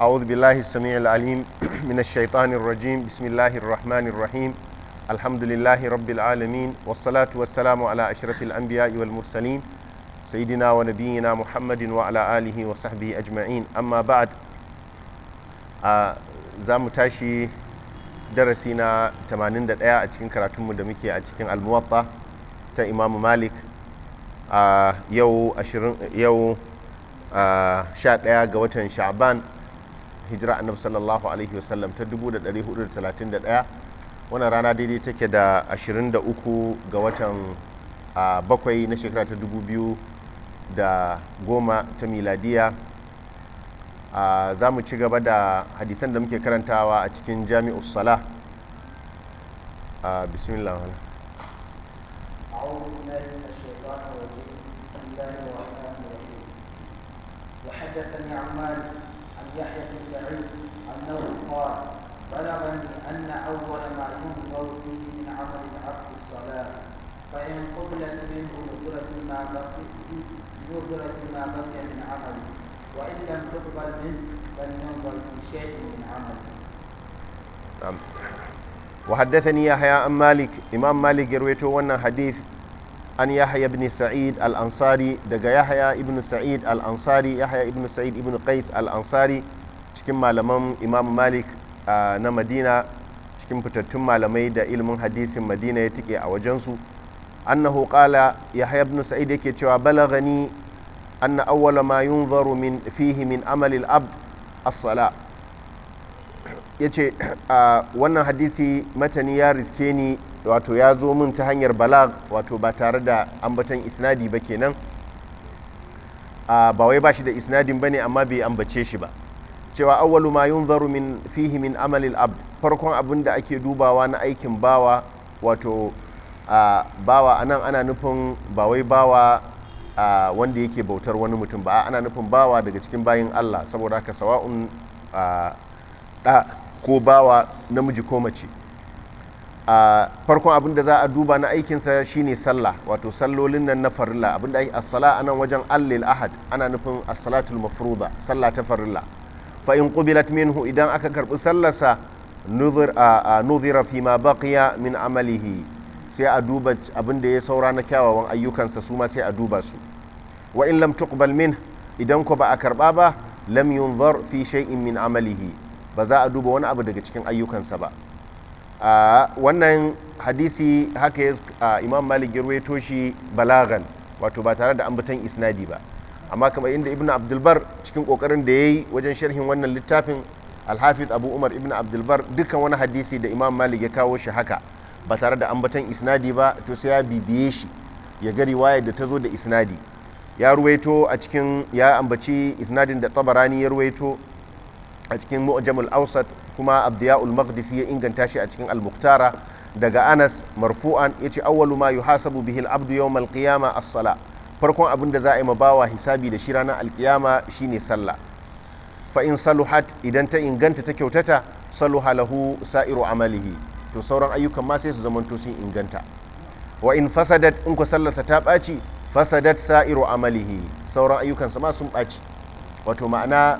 أعوذ بالله السميع العليم من الشيطان الرجيم بسم الله الرحمن الرحيم الحمد لله رب العالمين والصلاة والسلام على أشرف الأنبياء والمرسلين سيدنا ونبينا محمد وعلى آله وصحبه أجمعين أما بعد زام تاشي درسنا 81 أتكن كراتم مدمكي أتكن الموطأ تا إمام مالك يو أشرن يو 11 ga watan sha'ban hijira annabi sallallahu alaihi wasallam ta 1431 wannan rana daidai take da 23 ga watan bakwai na shekara ta 2000 da goma ta miladiya za mu ci gaba da hadisan da muke karantawa a cikin jami'us sala a bismillah وحدثني عن مالك يحيى بن سعيد أنه قال بلغني أن أول ما ينظر فيه من عمل العبد الصلاة فإن قبلت منه نظرة ما بقي نظرة ما بقي من عمل وإن لم تقبل منه فلينظر في شيء من عمل نعم. وحدثني يحيى عن مالك إمام مالك يرويته وانا حديث an yahya ibn sa'id al-ansari daga Yahaya ibn sa'id al-ansari yahaya ibn sa'id ibn qais al-ansari cikin malaman imam malik na madina cikin fitattun malamai da ilimin hadisin madina ya tike a wajensu annahu qala yahaya ibn sa'id yake cewa balagani anna awwala ma yunzaru min fihi min amali al-abd as-sala yace wannan hadisi matani ya riske ni wato ya zo min ta hanyar balag wato ba tare da ambatan isnadi ba kenan ba wai ba shi da isnadin ba ne amma bai ambace shi ba cewa awwalu ma zaru min fihi min amalil abd farkon abin da ake dubawa na aikin bawa wato a bawa anan ana nufin ba wai bawa wanda yake bautar wani mutum ba ana nufin bawa daga cikin bayin Allah saboda haka sawa'un da ko bawa namiji ko mace a farkon abin da za a duba na aikinsa shine sallah wato sallolin nan na farilla abin da ake as-sala anan wajen allil ahad ana nufin a salatul mafruda sallah ta farilla fa in qubilat minhu idan aka karbi sallarsa nuzir a nuzira fi ma baqiya min amalihi sai a duba abin da ya saura na kyawawan ayyukansa su ma sai a duba su wa in lam tuqbal min idan ko ba a karba ba lam yunzar fi shay'in min amalihi ba za a duba wani abu daga cikin ayyukansa ba wannan hadisi haka imam malik ya ruwaito shi balagan wato ba tare da ambatan isnadi ba amma kamar inda ibn abdulbar cikin kokarin da ya yi wajen sharhin wannan littafin alhafiz abu umar ibn abdulbar dukkan wani hadisi da imam malik ya kawo shi haka ba tare da ambatan isnadi ba to sai ya bibiye shi ya ga riwaya da ta zo da isnadi ya ruwaito a cikin ya ambaci isnadin da tabarani ya ruwaito a cikin mu'jamul awsat kuma abdiya'ul maqdisi ya inganta shi a cikin al-muqtara daga anas marfu'an yace awwalu ma yuhasabu bihi al-abdu yawm al-qiyama as-sala farkon abin da za a yi ma bawa hisabi da shi ranar alkiyama shine sallah fa in saluhat idan ta inganta ta kyautata saluha lahu sa'iru amalihi to sauran ayyukan ma sai su zamanto sun inganta wa in fasadat in ku sallarsa ta ɓaci fasadat sa'iru amalihi sauran ayyukansa ma sun ɓaci wato ma'ana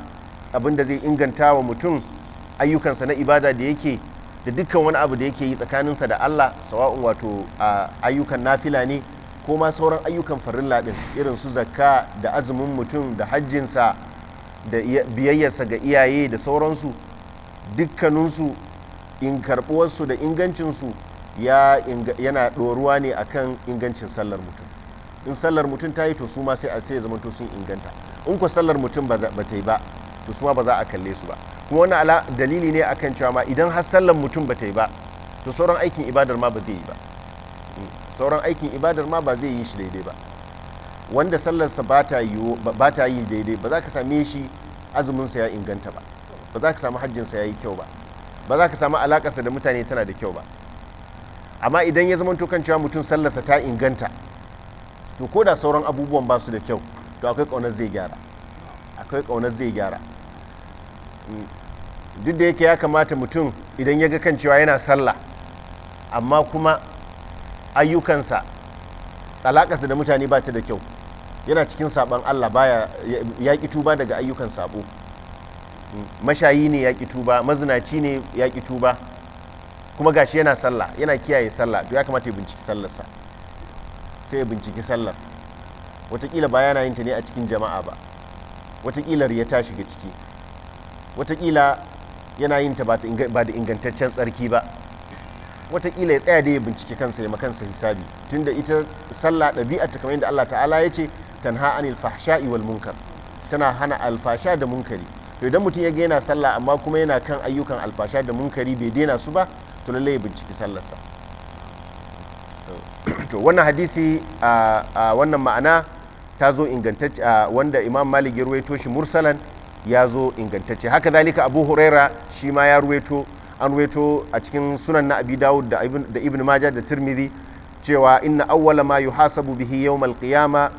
abin da zai inganta wa mutum ayyukansa na ibada da yake da dukkan wani abu da yake yi tsakaninsa da Allah sawa'un wato ayyukan nafila ne ko ma sauran ayyukan farin din irin su zakka da azumin mutum da hajjinsa da biyayyarsa ga iyaye da sauransu dukkaninsu in karɓuwarsu da ingancinsu yana ɗoruwa ne akan ingancin sallar mutum in sallar mutum ta yi to su ma sai a sai ya zama sun inganta in ko sallar mutum ba ta yi ba to su ma ba za a kalle su ba kuma wani ala dalili ne akan cewa ma idan har sallan mutum ba ta yi ba to sauran aikin ibadar ma ba zai yi ba hmm. sauran aikin ibadar ma ba zai yi shi daidai ba wanda sallarsa ba ta yi daidai ba za ka same shi azuminsa ya inganta ba ba za ka samu hajjinsa ya yi kyau ba ba za ka samu alakarsa da mutane tana da kyau ba amma idan ya zama kan cewa mutum sallarsa ta inganta to ko da sauran abubuwan ba su da kyau to akwai ƙaunar zai gyara akwai ƙaunar zai gyara duk da yake ya kamata mutum idan ya ga kan cewa yana sallah amma kuma ayyukansa alakasa da mutane ba ta da kyau yana cikin saɓon allah baya ya ƙi tuba daga ayyukan saɓo mashayi ne ya ƙi tuba mazinaci ne ya ƙi tuba kuma gashi yana sallah yana kiyaye sallah to ya kamata ya binciki sallarsa sai ya binciki sallar watakila ba yana yin ta ne a cikin jama'a ba watakila ya ta shiga ciki watakila yana yin ta ba da ingantaccen tsarki ba watakila ya tsaya da ya bincike kansa ya makansa hisabi tunda ita sallah ɗabi'a ta kamar yadda Allah ta'ala ya ce tanha anil fahsha'i wal munkar tana hana alfasha da munkari to idan mutum ya ga yana sallah amma kuma yana kan ayyukan alfasha da munkari bai daina su ba to lallai ya binciki sallarsa to wannan hadisi a wannan ma'ana ta zo ingantacce wanda imam malik ya ruwaito shi mursalan ya zo ingantacce haka zalika abu huraira shi ma ya ruweto an ruweto a cikin sunan na abi dawud da ibn maja da tirmidhi cewa inna awwala ma yuhasabu bihi yawmal qiyama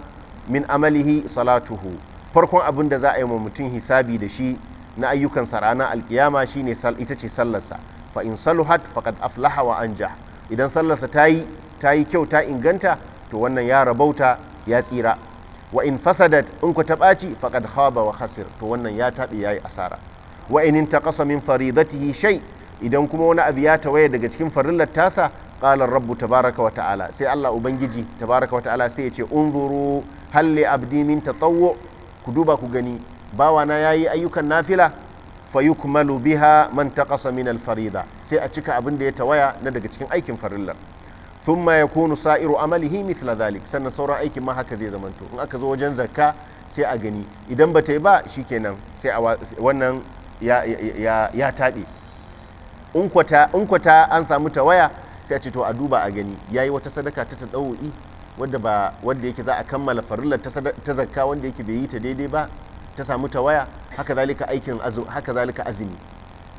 min amalihi salatuhu farkon abin da za a yi wa mutum hisabi da shi na ayyukansa ranar alkiyama shine ita ce sallarsa fa in saluhat faqad aflaha wa anja idan sallarsa tayi ta yi kyau ta inganta to wannan ya rabauta ya tsira wa in fasadat in ku ta ɓaci faqad khaba wa khasir to wannan ya taɓi yi asara wa in intaqasa min faridatihi shai, idan kuma wani abu ya tawaye daga cikin farillar tasa ƙalar rabbu tabaraka wa ta'ala sai Allah ubangiji tabaraka wa ta'ala sai ya ce unzuru halle li abdi min ku duba ku gani bawana yayi ayyukan nafila fayukmalu biha man taqasa min alfarida, sai a cika abin da ya tawaya na daga cikin aikin farillar ya yakunu sa'iru amalihi mithla dhalik sannan sauran aikin ma haka zai zamanto in aka zo wajen zakka sai a gani idan ba ta yi ba kenan sai a wannan ya taɓe in kwata an samu waya sai a ce to a duba a gani yayi wata sadaka ta tadawu'i wadda yake za a kammala farillar ta zakka wanda yake bai yi ta daidai ba ta samu waya haka zalika aikin haka zalika azumi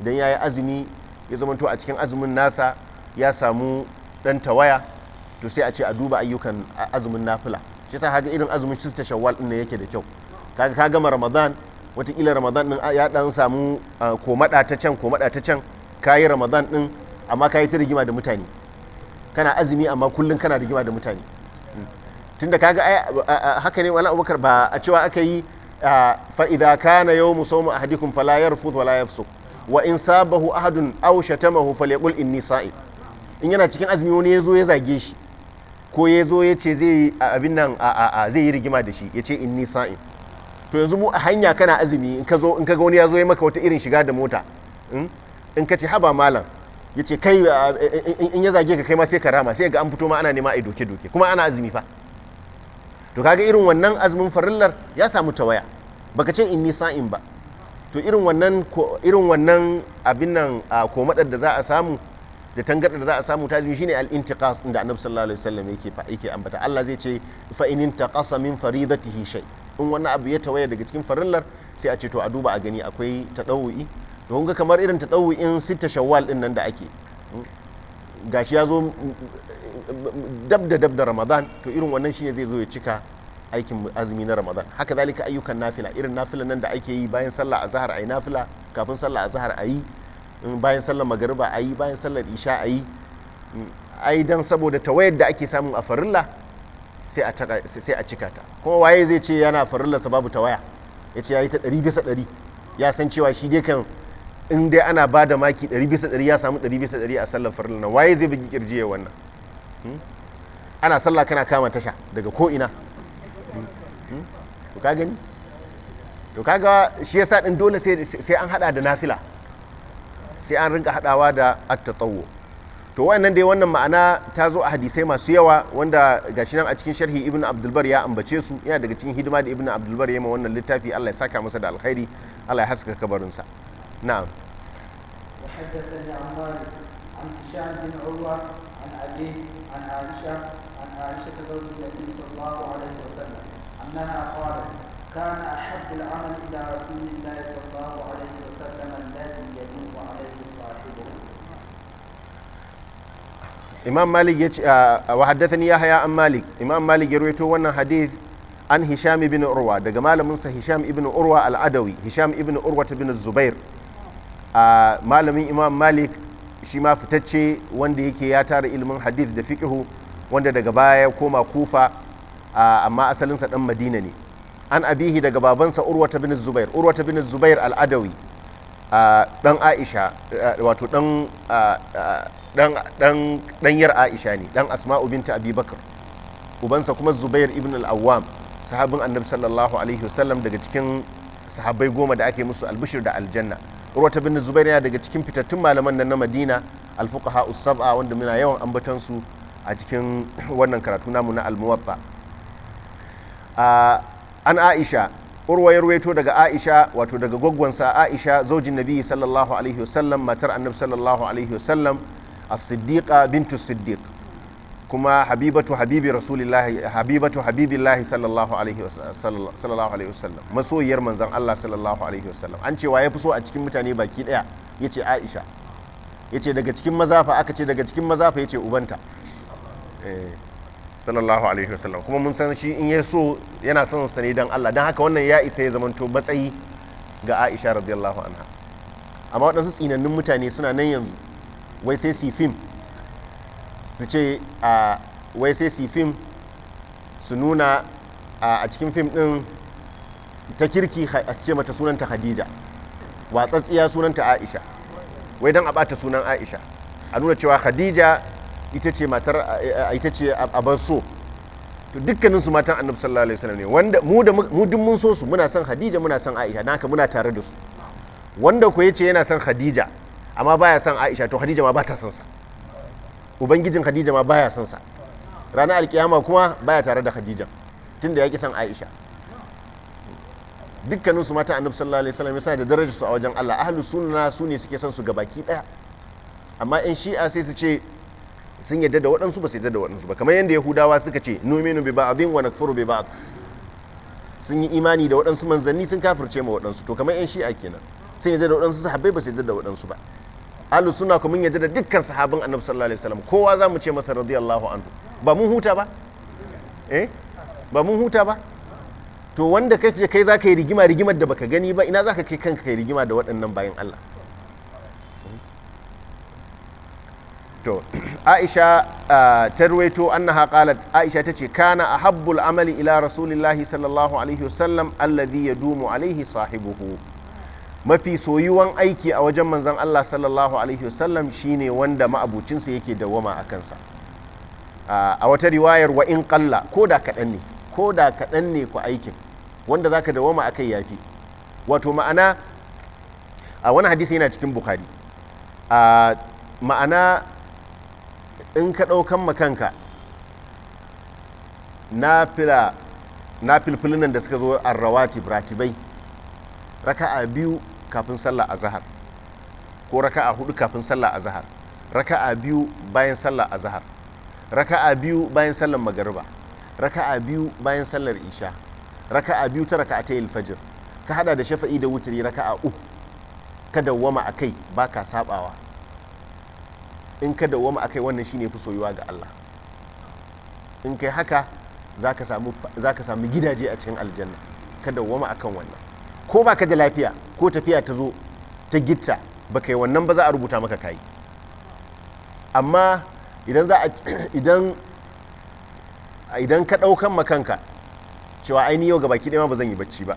dan yayi azumi ya zamanto a cikin azumin nasa ya samu dan tawaya to sai a ce a duba ayyukan azumin nafila shi yasa haka irin azumin ta shawwal din ne yake da kyau kaga ka gama ramadan watakila ramadan din ya dan samu ah, komada ta can komada ta can kayi ramadan din amma kayi ta rigima da mutane kana azumi amma kullum kana rigima da mutane hmm. tunda kaga ah, ah, haka ne wala abubakar ba a cewa aka yi fa idza kana yawmu sawmu ahadikum fala yarfuth wala yafsuk wa in sabahu ahadun aw shatamahu falyaqul inni sa'im in yana cikin azumi wani ya zo ya zage shi ko ya zo ya ce zai abin nan zai yi rigima da shi ya ce in nisa'in to yanzu mu a hanya kana azumi in ka zo in ka ga wani ya zo ya maka wata irin shiga da mota hmm, in ka ce haba malam ya ce kai in ya zage ka kai ma sai ka rama sai ga an fito ma ana nema a doke doke kuma ana azumi fa to kaga irin wannan azumin farillar ya samu tawaya baka ce in nisa'in ba to irin wannan irin wannan abin nan komadar da za a samu da tangarɗar da za a samu ta jini shine al-intiqas inda annabi sallallahu alaihi wasallam yake fa yake ambata Allah zai ce fa in intaqasa min faridatihi shay in wani abu ya tawaya daga cikin farillar sai a ce to a duba a gani akwai tadawu'i to kun ga kamar irin tadawu'in sita shawwal din nan da ake gashi ya zo dab da dab da ramadan to irin wannan ne zai zo ya cika aikin azumi na ramadan haka zalika ayyukan nafila irin nafilan nan da ake yi bayan sallah azhar ayi nafila kafin sallah a azhar ayi bayan sallar magariba a yi bayan sallar isha a yi yi don saboda tawayar da ake samu a farilla sai a cika ta kuma waye zai ce yana farillarsa babu tawaya ya ce ya yi ta ɗari bisa ɗari ya san cewa shi dai kan in dai ana ba da maki ɗari bisa ɗari ya samu ɗari bisa ɗari a sallar farilla nan waye zai bugi kirji ya wannan hmm? ana sallah kana kama tasha daga ko ina hmm? hmm? to ka gani to kaga shi yasa ɗin dole sai an hada da nafila sai an rinka hadawa da at-tatawwu to wannan dai wannan ma'ana ta zo a hadisai masu yawa wanda gashi nan a cikin sharhi ibn abdulbar ya ambace su yana daga cikin hidima da ibn abdulbar ya ma wannan littafi Allah ya saka masa da alkhairi Allah ya haska kabarinsa na'am وحدثني عن مالك عن هشام بن عروة عن أبي عن عائشة عن عائشة زوج da صلى الله عليه وسلم أنها قالت كان أحب العمل إلى رسول الله صلى الله عليه imam malik ya ce wa haddathani haya an malik imam malik ya rawaito wannan hadith an hisham ibn urwa daga malamin sa hisham ibn urwa al-adawi hisham ibn urwa ta bin zubair malamin imam malik shi ma fitacce wanda yake ya tara ilimin hadith da fiqhu wanda daga baya ya koma kufa amma asalinsa dan madina ne an abihi daga babansa urwa ta bin zubair urwa ta bin zubair al-adawi dan aisha wato dan dan ɗanyar aisha ne dan asma'u binta abubakar ubansa kuma zubair ibn al-awwam sahabin annabi sallallahu alaihi wasallam daga cikin sahabbai goma da ake musu albishir da aljanna urwata bin zubair yana daga cikin fitattun malaman nan na madina alfuqaha us-sab'a wanda muna yawan ambatan su a cikin wannan karatu namu na almuwabba. an aisha urwa ya ruwaito daga aisha wato daga gwaggwansa aisha zaujin nabi sallallahu alaihi wasallam matar annabi sallallahu alaihi wasallam as-siddiqa bintu siddiq kuma habibatu habibi rasulillahi habibatu habibillahi sallallahu alaihi sallallahu alaihi wasallam masoyiyar manzon Allah sallallahu alaihi wasallam an cewa ya fi so a cikin mutane baki daya yace Aisha yace daga cikin maza aka ce daga cikin maza fa yace ubanta eh, sallallahu alaihi wasallam kuma mun san shi in ya so yana son sa ne dan Allah dan haka wannan ya isa ya zamanta matsayi ga Aisha radiyallahu anha amma waɗansu tsinannun mutane suna nan yanzu wai sai su fim su ce a wai sai si fim su nuna a cikin fim din ta kirki a ce mata sunanta khadija watsatsiya sunanta aisha wai don a bata sunan aisha a nuna cewa khadija ita ce matar ita ce abar so to dukkanin su matan annabi sallallahu alaihi wasallam ne wanda mu da mu dun mun so su muna son khadija muna son aisha naka muna tare da su wanda ko yace yana son khadija amma baya son aisha to hadija ma ba ta son sa ubangijin hadija ma baya son sa ranar alkiyama kuma baya tare da hadija da ya ki son aisha dukkaninsu mata annabi sallallahu alaihi wasallam sa da darajar su a wajen Allah ahlu sunna su ne suke son su gabaki daya amma in shi'a sai su ce sun yadda da waɗansu ba su yadda da waɗansu ba kamar yadda yahudawa suka ce numinu bi ba'din wa nakfuru bi ba'd sun yi imani da waɗansu manzanni sun kafirce ma waɗansu to kamar yan shi'a kenan sun yadda da waɗansu sahabbai ba su yadda da waɗansu ba ahlu sunna kuma yadda da dukkan sahabin annabi sallallahu alaihi wasallam kowa za mu ce masa radiyallahu anhu ba mun huta ba eh ba mun huta ba to wanda kai je kai za ka yi rigima rigimar da baka gani ba ina za ka kai kanka kai rigima da waɗannan bayan Allah to aisha ah, ta ruwaito annaha qalat aisha ta ce kana ahabbul amali ila rasulillahi sallallahu alaihi wasallam alladhi yadumu alaihi sahibuhu mafi soyuwan aiki a wajen manzan Allah sallallahu alaihi wasallam shine wanda ma'abucinsa yake dawama a kansa a wata riwayar wa in kalla ko da kaɗan ne ko da kaɗan ne ku aikin wanda zaka dawama a kai yafi wato ma'ana a wani hadisi yana cikin bukhari a ma'ana in ka ɗaukan makanka na fila na filfilinan da suka zo a rawatib ratibai raka'a biyu kafin sallah azhar ko raka'a hudu kafin sallah azhar raka'a biyu bayan sallah azhar raka'a biyu bayan sallar magariba raka'a biyu bayan sallar isha raka'a biyu ta raka'atayil fajr ka hada da shafa'i da wutiri raka'a uku ka dawwama akai baka sabawa in ka dawwama akai wannan shine fi soyuwa ga Allah in kai haka za ka samu gidaje a cikin aljanna ka dawwama akan wannan ko ba ka da lafiya ko tafiya ta zo ta gitta ka yi wannan ba za a rubuta maka kayi amma idan ka ɗaukan makanka cewa aini yau gabaki ɗaya ma ba zan yi bacci ba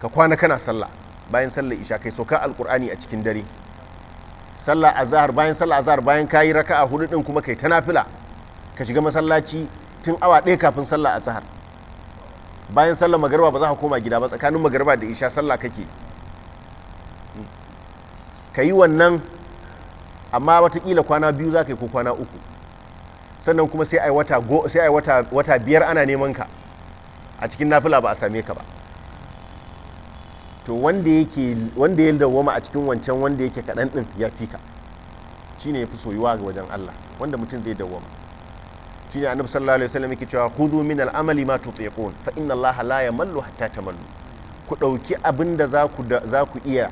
ka kwana kana sallah bayan sallah isha kai sauka alkur'ani a cikin dare sallah azhar bayan sallah azhar bayan kayi raka'a hudu ɗin kuma kai ta nafila ka shiga masallaci tun awa ɗaya kafin sallah azhar bayan sallar magarba ba za ka koma gida ba tsakanin magarba da isha sallah kake ka yi wannan amma watakila kwana biyu za ka yi ko kwana uku sannan kuma sai a wata biyar ana neman ka a cikin nafila ba a same ka ba to wanda ya ya dawwama a cikin wancan wanda yake kaɗan ɗin ya fi ka shi ne ya fi soyuwa ga wajen Allah wanda mutum zai dawwama ne annabi sallallahu alaihi wasallam yake cewa khudhu min al-amali ma tutiqun fa inna Allah la yamallu hatta tamallu ku dauki abinda za ku za ku iya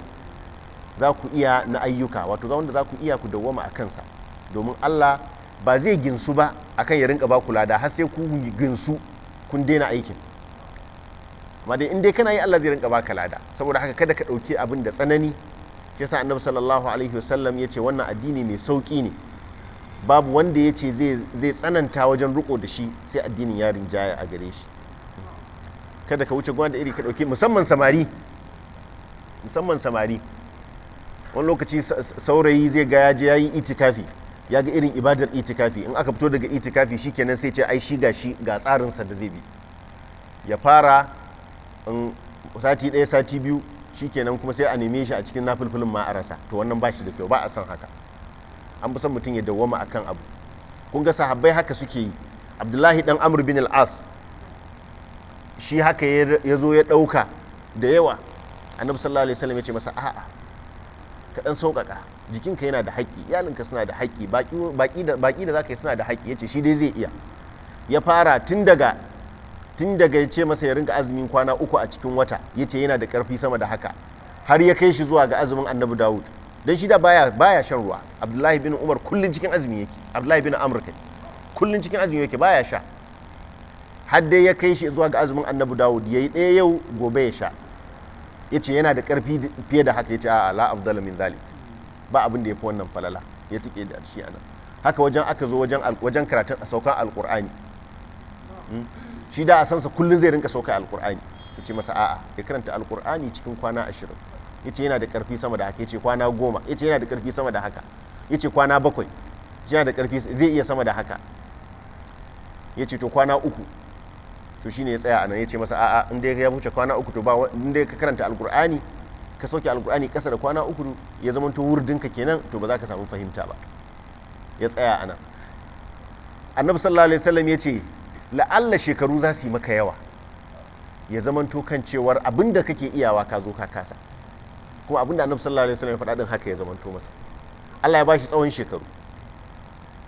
za ku iya na ayyuka wato za wanda za ku iya ku dawwama a kansa domin Allah ba zai ginsu ba akan ya rinka ba ku lada har sai ku ginsu kun daina aikin amma dai in dai kana yi Allah zai rinka baka lada saboda haka kada ka ɗauki abin da tsanani shi yasa annabi sallallahu alaihi wasallam yace wannan addini mai sauki ne babu wanda ya ce zai tsananta wajen riko da shi sai addinin yarin jaya a gare shi kada ka wuce da iri ka dauke musamman samari musamman samari wani lokaci saurayi zai ga ya ya yi itikafi ya ga irin ibadar itikafi in aka fito daga itikafi shikenan sai ce ai shi ga shi ga tsarinsa da zai bi ya fara sati ɗaya sati biyu shikenan kuma sai a neme shi a cikin nafulfulin ma to wannan ba shi da kyau ba a san haka an fi son mutum ya dawwama akan abu kun ga sahabbai haka suke yi abdullahi dan amr bin al-as shi haka ya zo ya dauka da yawa annabi sallallahu alaihi wasallam ya ce masa a'a ka dan sauƙaƙa jikinka yana da haƙƙi iyalinka suna da haƙƙi baƙi da zaka yi suna da haƙƙi ya shi dai zai iya ya fara tun daga tun daga ya ce masa ya rinka azumin kwana uku a cikin wata ya ce yana da ƙarfi sama da haka har ya kai shi zuwa ga azumin annabi dawud don shi da baya baya shan ruwa abdullahi bin umar kullun cikin azumi yake abdullahi bin amr kai kullun cikin azumi yake baya sha har dai ya kai shi zuwa ga azumin annabi dawud yayi ɗaya yau gobe ya sha yace yana da ƙarfi fiye da haka yace a'a la afdala min zalik ba abin da yafi wannan falala ya tike da shi anan haka wajen aka zo wajen wajen karatun saukan alqur'ani hmm? shi da a sansa kullun zai rinka sauka alqur'ani yace masa a'a ya karanta alqur'ani cikin kwana ashirin yace yana da karfi sama da haka yace kwana goma yace yana da karfi sama da haka yace kwana bakwai yana da karfi zai iya sama da haka yace to kwana uku to shine ya tsaya anan yace masa a'a in dai ya wuce kwana uku to ba in dai ka karanta alqur'ani ka sauke alqur'ani kasa da kwana uku ya zama to wurdinka kenan to ba za ka samu fahimta ba ya tsaya anan annabi sallallahu alaihi wasallam yace la'alla shekaru za su yi maka yawa ya zamanto kan cewar abinda kake iyawa ka zo ka kasa kuma abin da annabi sallallahu alaihi wasallam ya faɗa din haka ya zamanto masa Allah ya bashi tsawon shekaru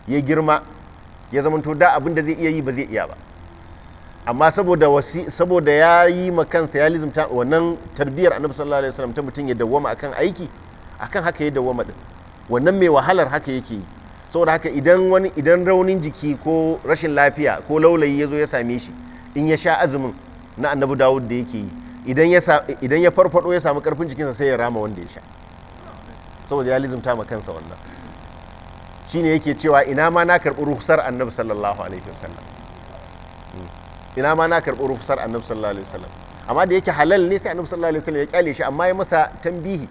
ya girma ya zamanto da abin da zai iya yi ba zai iya ba amma saboda wasi saboda ya yi ma kansa ya lizumta wannan tarbiyar annabi sallallahu alaihi wasallam ta mutum ya dawwama akan aiki akan haka ya dawwama din wannan mai wahalar haka yake yi saboda haka idan wani idan raunin jiki ko rashin lafiya ko laulayi ya zo ya same shi in ya sha azumin na annabi dawud da yake yi idan ya farfado ya samu karfin jikinsa sai ya rama wanda ya sha saboda ya lizimta ma kansa wannan shine yake cewa ina ma na karɓi ruhsar annabi sallallahu alaihi wasallam hmm. ina ma na karɓi ruhsar annabi sallallahu alaihi wasallam amma da yake halal ne sai annabi sallallahu alaihi wasallam ya kyale shi amma ya masa tambihi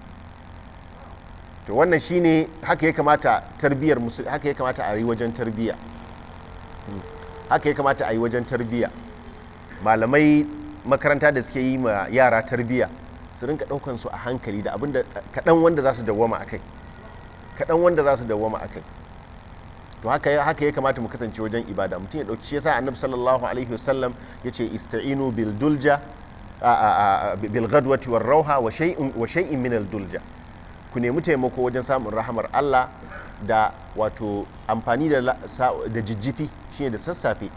to wannan shine haka ya kamata tarbiyar musulmi haka ya kamata a yi wajen tarbiya hmm. haka ya kamata a yi wajen tarbiya malamai makaranta da suke yi ma yara tarbiyya su rinka ɗaukan su a hankali da abinda kaɗan wanda za su dawoma akai kaɗan wanda za su dawoma akai to haka haka ya kamata mu kasance wajen ibada mutum ya dauki shi yasa annabi sallallahu alaihi wasallam yace ista'inu bil dulja bil ghadwati war rauha wa shay'in wa shay'in min al dulja ku nemi taimako wajen samun rahamar Allah da wato amfani da da jijjifi shine da sassafe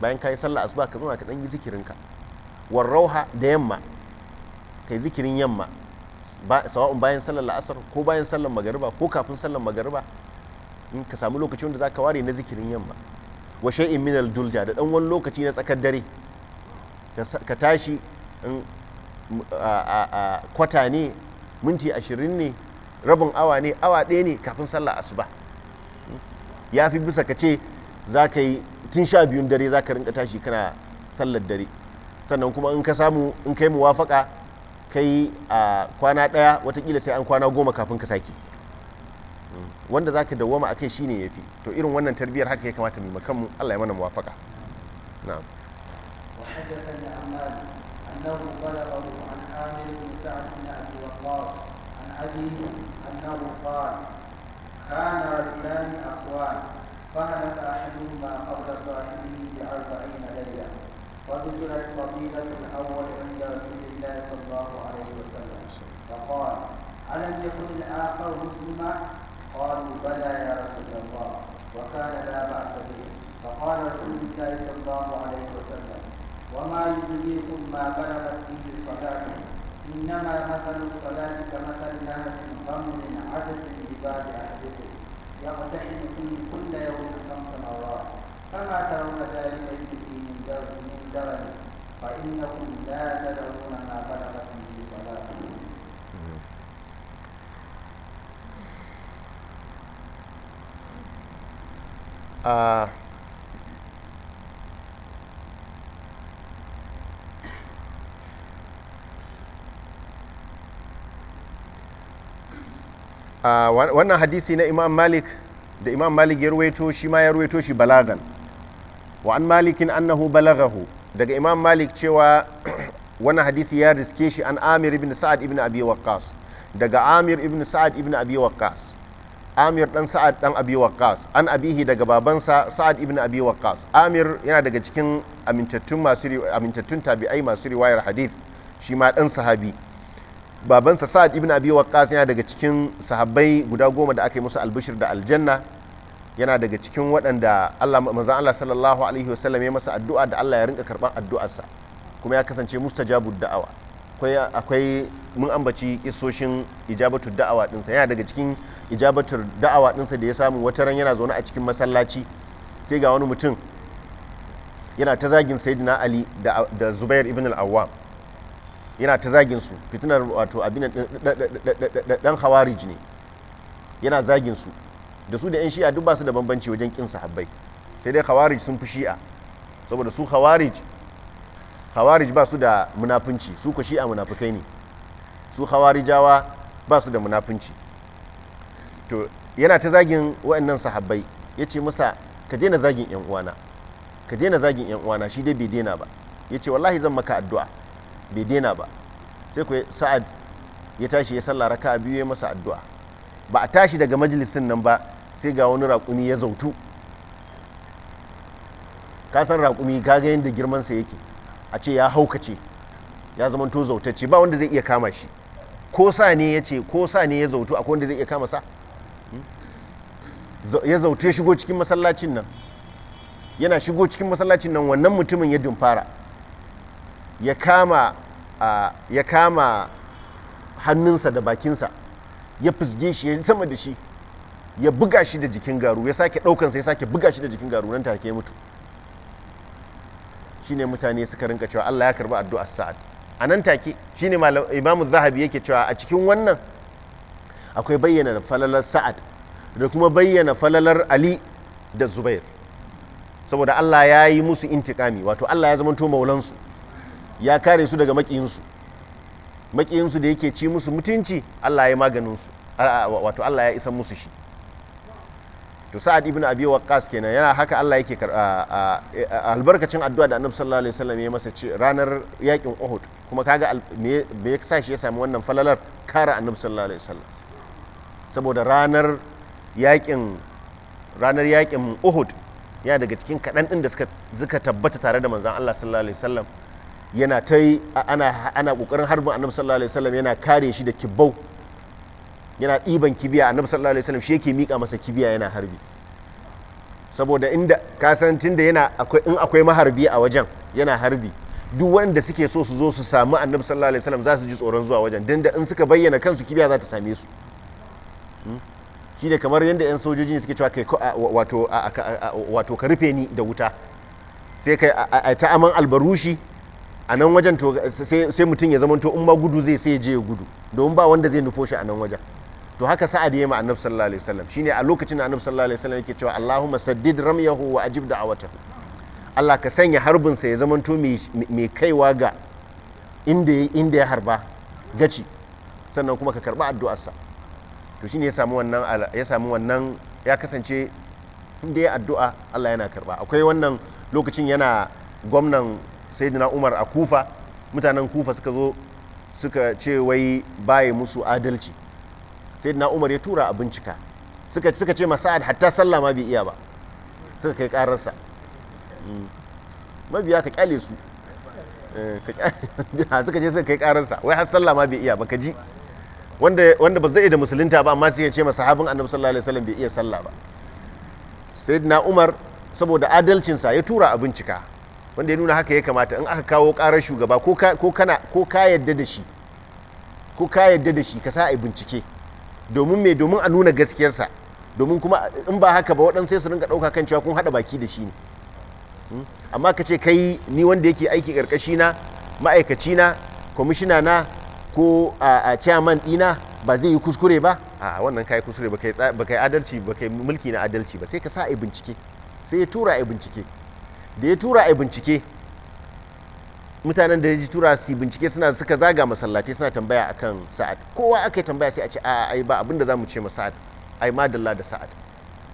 bayan kayi sallah asuba ka zo ka dan yi ka warrauha da yamma kai zikirin yamma sawa'un bayan sallar la'asar ko bayan sallar magariba ko kafin sallar magariba in ka samu lokaci wanda ka ware na zikirin yamma wa shay'in min dulja da dan wani lokaci na tsakar dare ka tashi a kwata ne minti ashirin ne rabin awa ne awa ɗaya ne kafin sallar asuba ya fi bisa ka ce za ka yi tun sha biyun dare za ka rinka tashi kana sallar dare sannan kuma in ka samu in kai muwafaka kai a kwana ɗaya watakila sai an kwana goma kafin ka sake wanda za ka dawwama a kai shi ne ya fi to irin wannan tarbiyyar haka ya kamata mai kanmu allah ya mana muwafaka na'am كان رجلان اخوان فهلك احدهما قبل صاحبه باربعين ليله وذكرت فضيلة الأول عند رسول الله صلى الله عليه وسلم فقال ألم يكن الآخر مسلما؟ قالوا بلى يا رسول الله وكان لا بأس به فقال رسول الله صلى الله عليه وسلم وما يدريكم ما بلغت به صلاتكم إنما مثل الصلاة كمثل نهر غمر عدد لباب أحدكم يقتحم فيه كل يوم خمس مرات فما ترون ذلك إلا أثرا فإنكم لا تدرون ما بلغكم في صلاتكم آه Uh, wannan hadisi na imam malik da imam malik ya ruwaito shi ma ya ruwaito shi balagan wa an malikin annahu balagahu daga imam malik cewa wannan hadisi ya riske shi an amir ibn sa'ad ibn abi waqqas daga amir ibn sa'ad ibn abi waqqas amir dan sa'ad dan abi waqqas an abihi daga babansa sa'ad ibn abi waqqas amir yana daga cikin amintattun masu amintattun tabi'ai masu riwayar hadith shi ma dan sahabi babansa sa'ad ibn abi waqqas yana daga cikin sahabbai guda goma da aka yi musu albishir da aljanna yana daga cikin waɗanda Allah manzon Allah sallallahu alaihi wasallam ya masa addu'a da Allah ya rinka karban addu'arsa kuma ya kasance mustajabud da'awa akwai akwai mun ambaci isoshin ijabatu da'awa dinsa yana daga cikin ijabatar da'awa dinsa da ya samu wata ran yana zaune a cikin masallaci sai ga wani mutum yana ta zagin sayyidina Ali da, da Zubair ibn al-Awwam yana ta zagin su fitinar wato abin dan hawarij ne yana zagin su da su da yan shi'a duk ba su da bambanci wajen kin sahabbai sai dai khawarij sun fi shi'a saboda su khawarij khawarij ba su da munafunci su ku shi'a munafukai ne su khawarijawa ba su da munafunci to yana ta zagin wa'annan sahabbai ya ce masa ka daina zagin yan uwana ka daina zagin yan uwana shi dai bai daina ba ya ce wallahi zan maka addu'a bai daina ba sai ku sa'ad ya tashi ya sallah raka biyu ya masa addu'a ba a tashi daga majalisin nan ba sai ga wani raƙumi ya zautu ka san raƙumi ga yadda girmansa yake a ce ya haukace ya zama to zautacce ba wanda zai iya kama shi ko sa ne ya ce ko sa ne ya zautu akwai wanda zai iya kama sa hmm? ya zautu ya shigo cikin masallacin nan yana shigo cikin masallacin nan wannan mutumin ya dumfara ya kama hannunsa da bakinsa ya fizge shi ya sama da shi ya buga shi da jikin garu ya sake ɗaukansa ya sake buga shi da jikin garu nan take mutu shine mutane suka rinka cewa Allah ya karba addua Sa'ad a nan take shine Imam Zahabi yake cewa a cikin wannan akwai bayyana falalar Sa'ad da kuma bayyana falalar Ali da Zubair saboda Allah ya yi musu intikami wato Allah ya zama zamanto maulansu ya kare su daga makiyinsu makiyinsu da yake ci musu mutunci Allah ya maganin su wato Allah ya isa musu shi to sa'ad ibn abi waqqas kenan yana haka Allah yake albarkacin addu'a da annabi sallallahu alaihi wasallam ya masa ci ranar yakin Uhud kuma kaga me ya sa shi ya sami wannan falalar kare annabi sallallahu alaihi wasallam saboda ranar yakin ranar yakin Uhud yana daga cikin kaɗan ɗin da suka tabbata tare da manzon Allah sallallahu alaihi wasallam yana ta yi ana kokarin harbin annabi sallallahu alaihi wasallam yana kare shi da kibbau yana ɗiban kibiya annabi sallallahu alaihi wasallam shi yake miƙa masa kibiya yana harbi saboda inda kasan tunda yana akwai in akwai maharbi a wajen yana harbi duk wanda suke so su zo su samu annabi sallallahu alaihi wasallam za su ji tsoron zuwa wajen dinda in suka bayyana kansu kibiya za ta same su hmm? shi kamar yadda yan sojoji suke cewa kai wato wato ka rufe ni da wuta sai kai ta aman albarushi a nan wajen to sai mutum ya to in ma gudu zai sai je gudu domin ba wanda zai nufo shi a nan wajen to haka sa'ad yayi ma annabi sallallahu alaihi wasallam shine a lokacin da annabi sallallahu alaihi wasallam yake cewa Allahumma saddid ramyahu wa ajib da'awatahu Allah ka sanya harbin sa ya me mai kaiwa ga inda inda ya harba gaci sannan kuma ka karba sa to shine ya samu wannan ya samu wannan ya kasance inda ya addu'a Allah yana karba akwai wannan lokacin yana gwamnan sayidina umar a kufa mutanen kufa suka zo suka ce wai baye musu adalci sayidina umar ya tura a bincika suka suka ce masa'ad hatta sallah ma bai iya ba suka kai kararsa mm. mabiya ka kyale su eh, suka ce suka kai kararsa wai har sallah ma bai iya ba ka ji wanda wanda ba zai da musulunta ba amma sai ya ce ma sahabin annabi sallallahu alaihi wasallam bai iya sallah ba sayyidina umar saboda adalcinsa ya tura a bincika wanda ya nuna haka ya kamata in aka kawo karar shugaba ko kana ko ka yadda da shi ko ka yadda da shi ka sa a bincike domin me domin a nuna gaskiyarsa domin kuma in ba haka ba waɗansu sai su ɗauka kan cewa kun haɗa baki da shi ne hmm? amma ka ce kai ni wanda yake aiki ƙarƙashi na ma'aikaci na kwamishina na ko a chairman ɗina ba zai yi kuskure ba a wannan kai kuskure ba kai adalci ba kai mulki na adalci ba sai ka sa a bincike sai ya tura a bincike da ya tura a bincike mutanen da ya ji tura su bincike suna suka zaga masallaci suna tambaya akan sa'ad kowa aka yi tambaya sai a ce a ai ba abinda za mu ce ma sa'ad ai madalla da sa'ad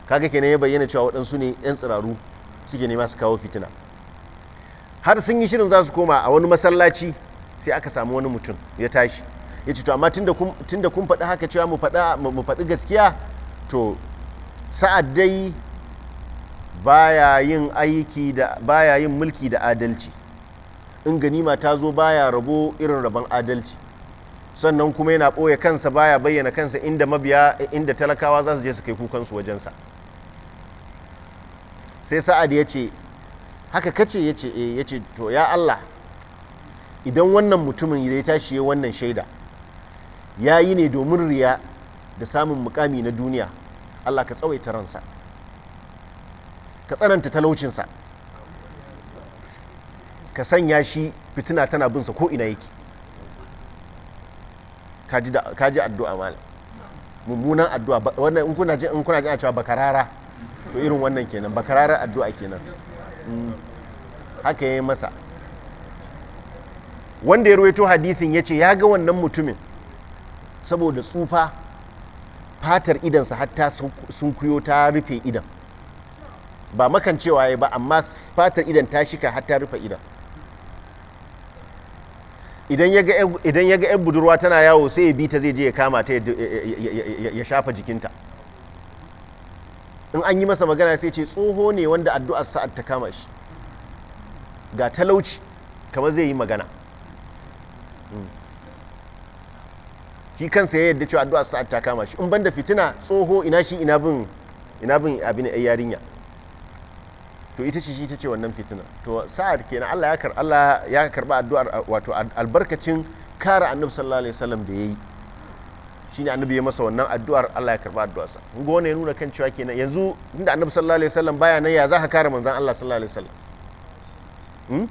kaga kenan ya bayyana cewa waɗansu ne yan tsiraru suke nema su kawo fitina har sun yi shirin za su koma a wani masallaci sai aka samu wani mutum ya tashi ya ce to amma tunda kun faɗi haka cewa mu faɗi gaskiya to sa'ad dai baya yin aiki da yin mulki da adalci in ganima ta zo baya rabo irin rabon adalci sannan kuma yana ɓoye kansa baya bayyana kansa inda mabiya inda talakawa za su je su kai kukansu wajensa sai sa'ad ya ce haka kace ya ce eh. ya ce to ya Allah idan wannan mutumin da ya tashi ya wannan shaida ya yi ne domin riya da samun mukami na duniya Allah ka tsawaita ransa ka tsananta talaucinsa ka sanya shi fitina tana binsa ko ina yake ka ji addu'a malam mummunan addu'a wannan in kuna jin a cewa bakarara to irin wannan kenan bakarara addu'a kenan mm. haka ya yi masa wanda ya ruwaito hadisin ya ce ya ga wannan mutumin saboda tsufa fatar idansa hatta sun kuyo ta rufe idan ba cewa ya ba amma fatar idan ta shika har ta rufe idan idan ya ga 'yan budurwa tana yawo sai ya bi ta zai je ya kama ta ya shafa jikinta in an yi masa magana sai ce tsoho ne wanda addu'ar sa'ad ta kama shi ga talauci kamar zai yi magana hmm. shi kansa ya yadda cewa addu'ar sa'ad ta kama shi in banda fitina tsoho ina shi ina bin abin yarinya to ita ce ta ce wannan fitina to sa'ad kenan Allah ya kar Allah ya karba addu'ar wato albarkacin kare annabi sallallahu alaihi wasallam da yayi shine annabi ya masa wannan addu'ar Allah ya karba addu'arsa kun ga wannan ya nuna kan cewa kenan yanzu inda annabi sallallahu alaihi wasallam baya nan ya za ka kare manzon Allah sallallahu alaihi wasallam hmm?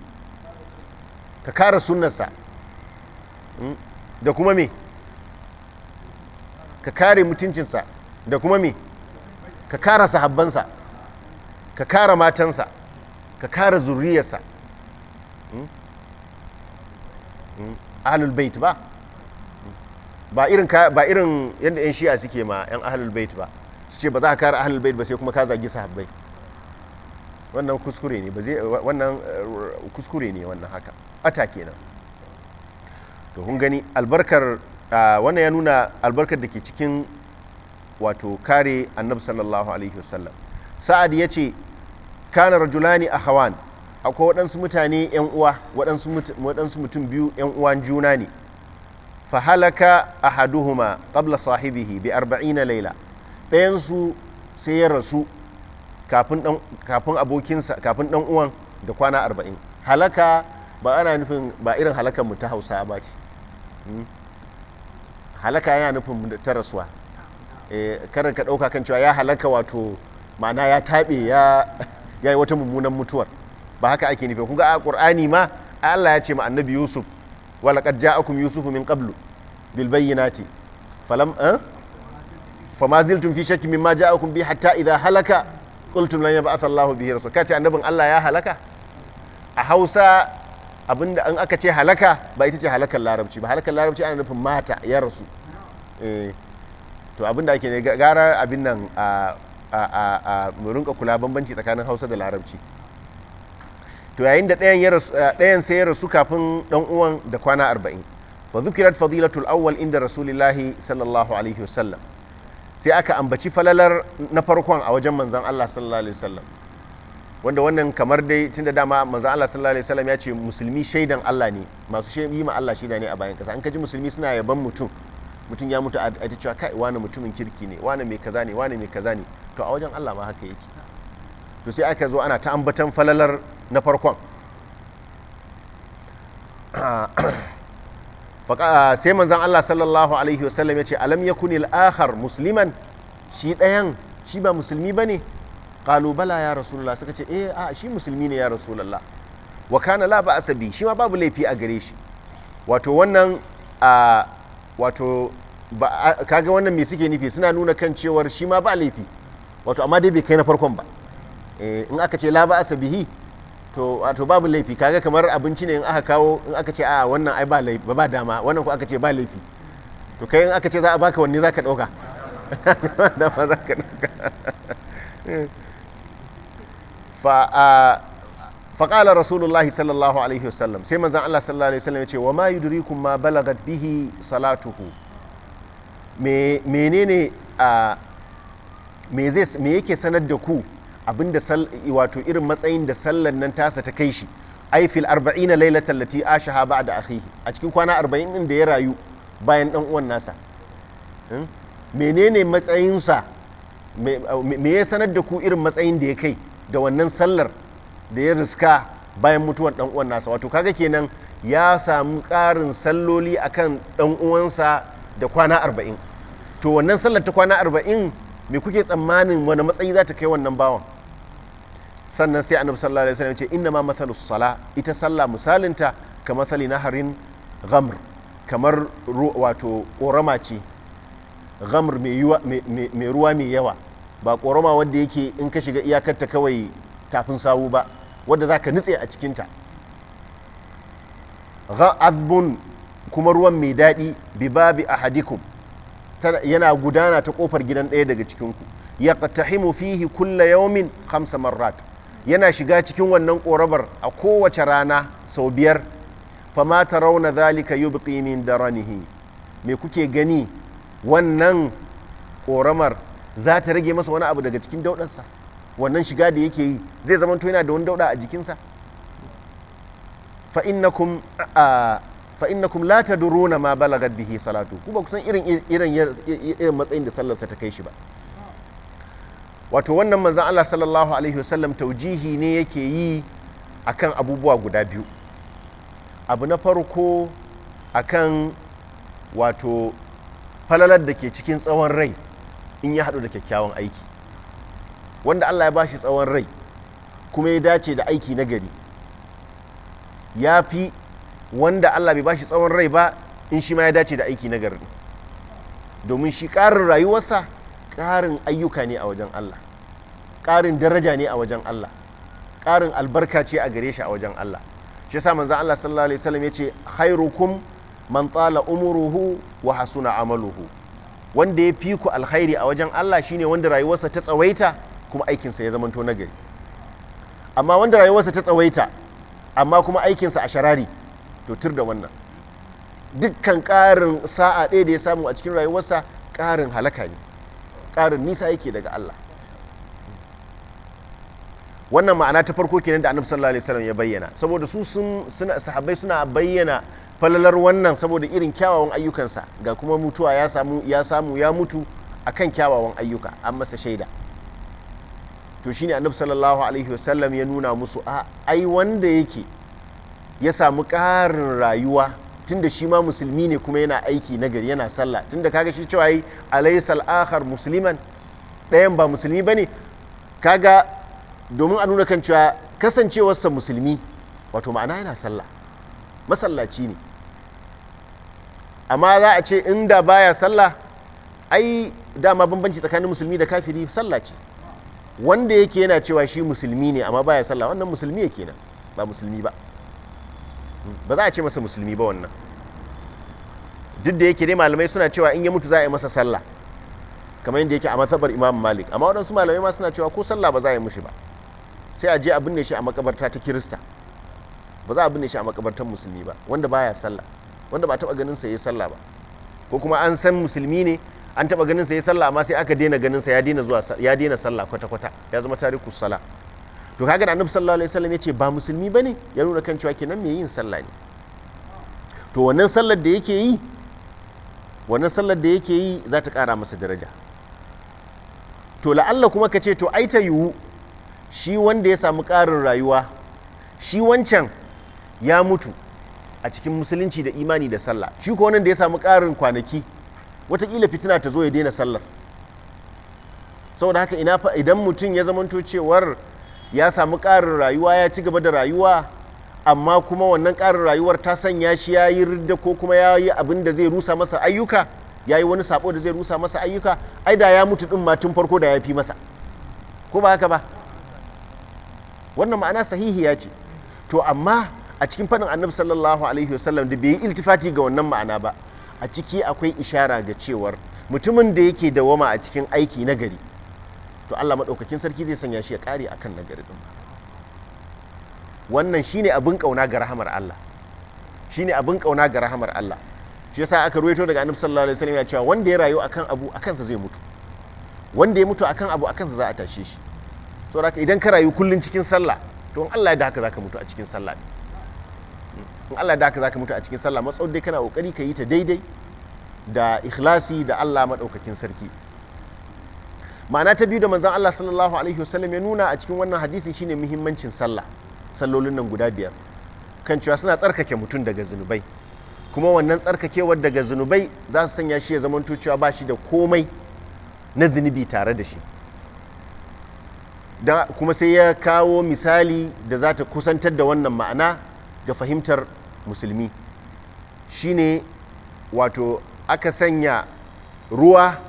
ka kare sa hmm? da kuma me ka kare mutuncinsa da kuma me ka kare sahabbansa ka kare matansa ka kare zuriyarsa hmm? Hmm? ahlul bait ba hmm? ba irin ba irin yadda yan shi'a suke ma yan ahlul bait ba su ce ba za ka kare ahlul bait ba sai kuma ka zagi sahabbai wannan kuskure ne ba zai wannan eh, kuskure ne wannan haka ata kenan to kun gani albarkar wannan ya nuna albarkar da ke cikin wato kare annabi sallallahu alaihi wasallam sa'ad ya ce kana rajulani hawan akwai waɗansu mutane yan uwa waɗansu mutum biyu yan uwan juna ne fahalaka ahaduhuma qabla sahibihi bi na laila ɗayansu sai ya rasu kafin abokinsa kafin dan uwan da kwana arba'in halaka ba ana nufin ba irin halakan mu ta hausa ba ce hmm? halaka yana nufin ta rasuwa eh, karin ka ɗauka kan cewa ya halaka wato ma'ana ya taɓe ya ya yi wata mummunan mutuwar ba haka ake nufi kuga a qur'ani ma Allah ya ce ma annabi Yusuf wa laqad ja'akum yusufu min qablu bil bayyinati falam eh? fama ziltum fi shakkin mimma ja'akum bi hatta idha halaka qultum lan yab'ath Allahu bihi rasul kace annabin Allah ya halaka a Hausa abinda an aka ce halaka ba ita ce halakar larabci ba halakar larabci ana nufin mata ya rasu eh, to abinda ake ne gara abin nan a mu rinka kula bambanci tsakanin hausa da larabci to yayin da ɗayan sai ya rasu kafin ɗan uwan da kwana arba'in fa zukirat fadilatul awwal inda rasulillahi sallallahu alaihi wasallam sai aka ambaci falalar na farkon a wajen manzan Allah sallallahu alaihi wasallam wanda wannan kamar dai tunda dama manzan Allah sallallahu alaihi wasallam ya ce musulmi shaidan Allah ne masu yi ma Allah shaida ne a bayan kasa an kaji musulmi suna yaban mutum mutum ya mutu a ta cewa kai wani mutumin kirki ne wani mai kaza ne wani mai kaza ne to a wajen Allah ma haka yake to sai aka zo ana ta ambatan falalar na farkon sai manzan Allah sallallahu alaihi wasallam ya ce alam ya kuni al'ahar musliman shi ɗayan shi ba musulmi ba ne ƙalubala ya rasulullah suka ce eh a shi musulmi ne ya rasulullah wa kana la ba asabi shi ma babu laifi a gare shi wato wannan a wato kaga wannan me suke nufi suna nuna kan cewar shi ma ba laifi wato amma dai bai kai na farkon ba eh, in aka ce laba asa bihi to wato babu laifi kaga kamar abinci ne in aka kawo in aka ce a wannan ai ba laifi ba dama wannan ko aka ce ba laifi to kai in aka ce za a baka wanne zaka dauka dama zaka dauka fa فقال رسول الله صلى الله عليه وسلم سيما زان الله صلى الله عليه وسلم يقول ma يدريكم ما بلغت به صلاته menene a me yake sanar da ku abinda wato irin matsayin da sallan nan tasa ta kai shi ai fil 40 lailatan lati ashaha da akhihi a cikin kwana 40 din da ya rayu bayan dan uwan nasa hmm? menene matsayinsa me ya sanar da ku irin matsayin da ya kai da wannan sallar da ya riska bayan mutuwar dan uwan nasa wato kaga kenan ya samu ƙarin salloli akan dan uwansa da kwana 40 to wannan sallar ta kwana 40 me kuke tsammanin wani matsayi za ta kai wannan bawan sannan sai annabi sallallahu alaihi wasallam ce inna ma mathalu sala ita sallah misalinta ka mathali naharin ghamr kamar wato korama ce ghamr mai ruwa mai yawa ba korama wanda yake in ka shiga ta kawai tafin sawu ba wanda za ka nutse a cikinta azbun kuma ruwan mai daɗi bi babi ahadikum yana gudana ta kofar gidan ɗaya daga cikinku ya tahimu fihi kulla yaumin hamsa marrat yana shiga cikin wannan korabar a kowace rana sau biyar ma ta rauna zalika yubqi min daranihi me kuke gani wannan koramar za ta rage masa wani abu daga cikin dauɗansa wannan shiga da yake yi zai zama to yana da wani dauda a jikinsa fa innakum a fa innakum la tadruna ma balagat bihi salatu ku ba kusan irin irin matsayin da sallarsa ta kai shi ba wato wannan manzon Allah sallallahu alaihi wasallam taujihi ne yake yi akan abubuwa guda biyu abu na farko akan wato falalar da ke cikin tsawon rai in ya haɗu da kyakkyawan aiki wanda Allah ya bashi tsawon rai kuma ya dace da aiki na gari ya fi wanda Allah bai bashi tsawon rai ba in shi ma ya dace da aiki na gari domin shi ƙarin rayuwarsa ƙarin ayyuka ne a wajen Allah ƙarin daraja ne a wajen Allah ƙarin albarka ce a gare shi a wajen Allah shi sa manzon Allah sallallahu alaihi wasallam yace khairukum man tsala umuruhu wa hasuna amaluhu wanda ya fi ku alkhairi a wajen Allah shine wanda rayuwarsa ta tsawaita kuma aikinsa ya zamanto nagari amma wanda rayuwarsa ta tsawaita amma kuma aikinsa a sharari to da wannan dukkan ƙarin sa'a ɗaya da ya samu a cikin rayuwarsa ƙarin halaka ne ƙarin nisa yake daga Allah wannan ma'ana ta farko kenan da annabi sallallahu alaihi wasallam ya bayyana saboda su sun suna sahabbai suna bayyana falalar wannan saboda irin kyawawan ayyukansa ga kuma mutuwa ya samu ya samu ya mutu akan kyawawan ayyuka an masa shaida to shine annabi sallallahu alaihi wasallam ya nuna musu a ai wanda yake ya samu ƙarin rayuwa tun da shi ma musulmi ne kuma yana aiki na gari yana sallah tun da kaga shi cewa yi alaysal akhar musliman ɗayan ba musulmi bane kaga domin a nuna kan cewa kasancewarsa musulmi wato ma'ana yana sallah masallaci ne amma za a ce inda baya sallah ai dama bambanci tsakanin musulmi da kafiri sallah ce wanda yake yana cewa shi musulmi ne amma baya sallah wannan musulmi ya kenan ba musulmi ba ba za a ce masa musulmi ba wannan duk da yake dai malamai suna cewa in ya mutu za a yi masa sallah kamar yadda yake a matsabar imam malik amma waɗansu malamai ma suna cewa ko sallah ba za a yi mushi ba sai a je a binne shi a makabarta ta kirista ba za a binne shi a makabartar musulmi ba wanda baya sallah wanda ba taba ganin sa yi sallah ba ko kuma an san musulmi ne an taba ganin sa yi sallah amma sai aka daina ganin sa ya daina zuwa ya daina sallah kwata kwata ya zama tarikus Sallah. to kaga da annabi sallallahu alaihi wasallam yace ba musulmi bane ya nuna kan cewa kenan me yin sallah ne to wannan sallar da yake yi wannan sallar da yake yi za ta kara masa daraja to la'alla kuma ka ce to ai ta yiwu shi wanda ya samu karin rayuwa shi wancan ya mutu a cikin musulunci da imani da sallah shi ko wannan da ya samu karin kwanaki wata watakila fitina ta zo ya daina sallar saboda haka ina idan mutum ya zamanto cewar ya samu ƙarin rayuwa ya ci gaba da rayuwa amma kuma wannan ƙarin rayuwar ta sanya shi ya yi ridda ko kuma ya yi abin da zai rusa masa ayyuka ya yi wani sabo da zai rusa masa ayyuka ai da ya mutu ɗin ma tun farko da ya fi masa ko ba haka ba wannan ma'ana sahihi ya ce to amma a cikin fadin annabi sallallahu alaihi wasallam da bai yi iltifati ga wannan ma'ana ba a ciki akwai ishara ga cewar mutumin da yake dawama a cikin aiki na gari to Allah maɗaukakin sarki zai sanya shi ya ƙare akan nagari din wannan ne abin ƙauna ga rahamar Allah Shi ne abin ƙauna ga rahamar Allah shi yasa aka ruwaito daga Annabi sallallahu alaihi wasallam ya cewa wanda ya rayu akan abu akan sa zai mutu wanda ya mutu akan abu akan sa za a tashe shi to haka idan ka rayu kullun cikin sallah to in Allah ya haka zaka mutu a cikin sallah in Allah ya haka zaka mutu a cikin sallah matsau dai kana kokari ka yi ta daidai da ikhlasi da Allah madaukakin sarki ma'ana ta biyu da manzon Allah sallallahu alaihi wasallam ya nuna a cikin wannan hadisin shine muhimmancin sallah sallolin nan guda biyar kan cewa suna tsarkake mutum daga zunubai kuma wannan tsarkakewar daga zunubai za su sanya shi ya zama cewa ba shi da komai na zunubi tare da shi kuma sai ya kawo misali da za ta kusantar da wannan ma'ana ga fahimtar musulmi shine wato aka sanya ruwa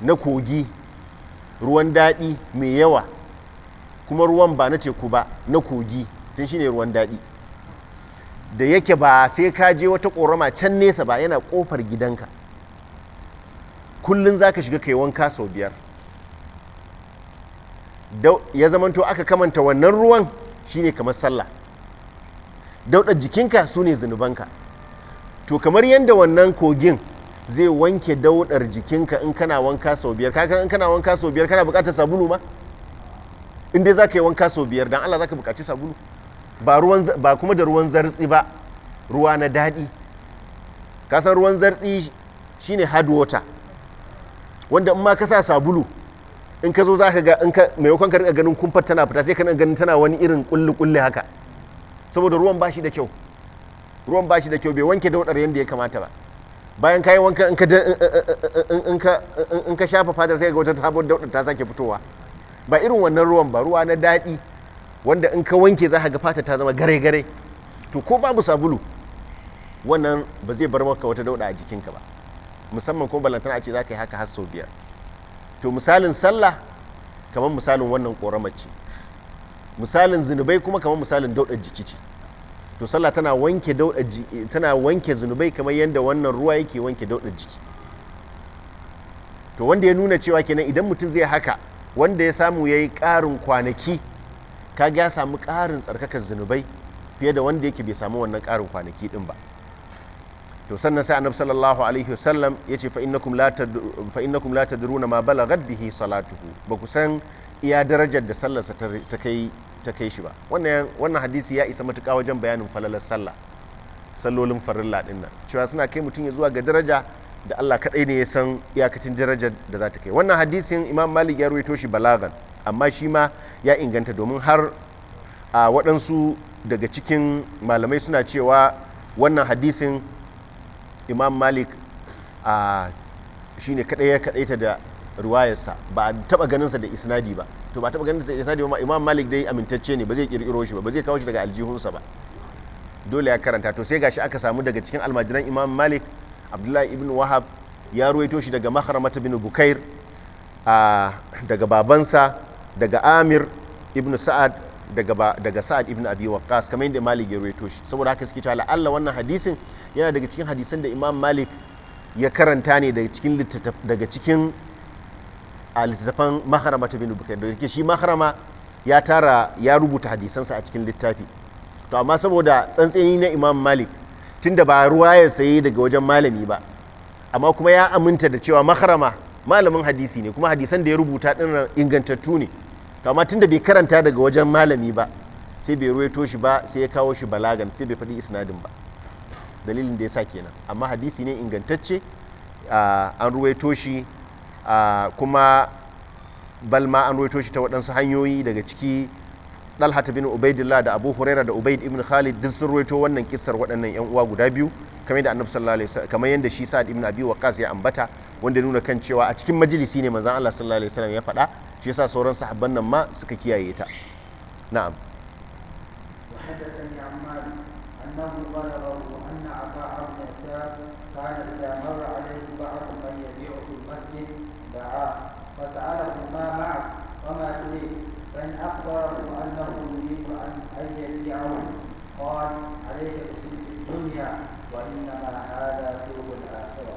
na kogi ruwan daɗi mai yawa kuma ruwan ba na teku ba na kogi tun shine ruwan daɗi da yake ba sai ka je wata ƙorama can nesa ba yana ƙofar gidanka kullum za ka shiga kai wanka sau biyar ya zamanto aka kamanta wannan ruwan shine kamar sallah dauɗa jikinka su ne zunubanka to kamar yadda wannan kogin zai wanke daudar jikinka in kana wanka sau biyar kakan in kana wanka sau biyar kana bukatar sabulu ma in dai zaka yi wanka sau biyar dan Allah zaka bukaci sabulu ba ruwan ba kuma da ruwan zartsi ba ruwa na daɗi kasan ruwan zartsi shine hard water wanda in ma ka sa sabulu in ka zo za ka ga in ka mai ka rika ganin kumfar tana fita sai ka ganin tana wani irin kulli kulli haka saboda ruwan bashi da kyau ruwan bashi da kyau bai wanke daudar yadda ya kamata ba bayan kayan wanka in ka shafa fatar sai ga wata sabon daudar ta sake fitowa ba irin wannan ruwan ba ruwa na daɗi wanda in ka wanke za ga fatar ta zama gare gare to ko babu sabulu wannan ba zai bar maka wata dauda a jikinka ba musamman ko balantana a ce za ka yi haka har sau biyar to misalin sallah kamar misalin wannan ƙoramar ce misalin zunubai kuma kamar misalin daudar jiki ce to sallah tana wanke dauda eh, eh, tana wanke zunubai kamar yadda wannan ruwa yake wanke dauda eh, jiki to wanda ya nuna cewa kenan idan mutum zai haka wanda ya samu yayi ƙarin kwanaki kaga ya samu ƙarin tsarkakar zunubai fiye da wanda yake bai samu wannan ƙarin kwanaki din ba to sannan sai annabi sallallahu alaihi wasallam yace fa innakum la fa innakum la tadruna ma balagat bihi salatuhu ba ku san iya darajar da sallarsa ta kai ta kai shi ba wannan hadisi ya isa matuƙa wajen bayanin falalar sallah sallolin farilla din nan cewa suna kai mutum ya zuwa ga daraja da Allah kaɗai ne ya san iyakacin darajar da za ta kai wannan hadisin imam malik ya rawaito shi balagan amma shi ma ya inganta domin har a waɗansu daga cikin malamai suna cewa wannan hadisin imam malik a shi ne kaɗai ya kaɗaita da ruwayarsa ba a taɓa ganinsa da isnadi ba to ba taɓa ganin sai isnadi ba imam malik dai amintacce ne ba zai kirkiro shi ba ba zai kawo shi daga aljihunsa ba dole ya karanta to sai gashi aka samu daga cikin almajiran imam malik abdullahi ibn wahab ya ruwaito shi daga maharamata bin bukair daga babansa daga amir ibn sa'ad daga daga sa'ad ibn abi waqqas kamar yadda malik ya ruwaito shi saboda haka suke cewa la'alla wannan hadisin yana daga cikin hadisan da imam malik ya karanta ne daga cikin daga cikin a littattafan maharama ta bin bukari da shi maharama ya tara ya rubuta hadisansa a cikin littafi to amma saboda tsantseni na imam malik tunda ba ruwa ya sayi daga wajen malami ba amma kuma ya aminta da cewa maharama malamin hadisi ne kuma hadisan da ya rubuta din ingantattu ne to amma tunda bai karanta daga wajen malami ba sai bai ruwaito shi ba sai ya kawo shi balagan sai bai faɗi isnadin ba dalilin da ya sa kenan amma hadisi ne ingantacce ah, an ruwaito shi kuma balma an roito shi ta waɗansu hanyoyi daga ciki Dalhata, bin ubaidillah da abu huraira da ubaid ibn khalid duk sun roito wannan kissar waɗannan yan uwa guda biyu kamar yadda annabi sallallahu alaihi wasallam kamar yadda shi sa'ad ibn abi Waqas ya ambata wanda nuna kan cewa a cikin majalisi ne manzon Allah sallallahu alaihi wasallam ya faɗa shi yasa sauran sahabban nan ma suka kiyaye ta na'am أنه بلغه أن عطاء بن يسار كان إذا فسأله ما معك وما تريد فإن أخبره أنه يريد أن يبيعه قال عليك بسلك الدنيا وإنما هذا سوء الآخرة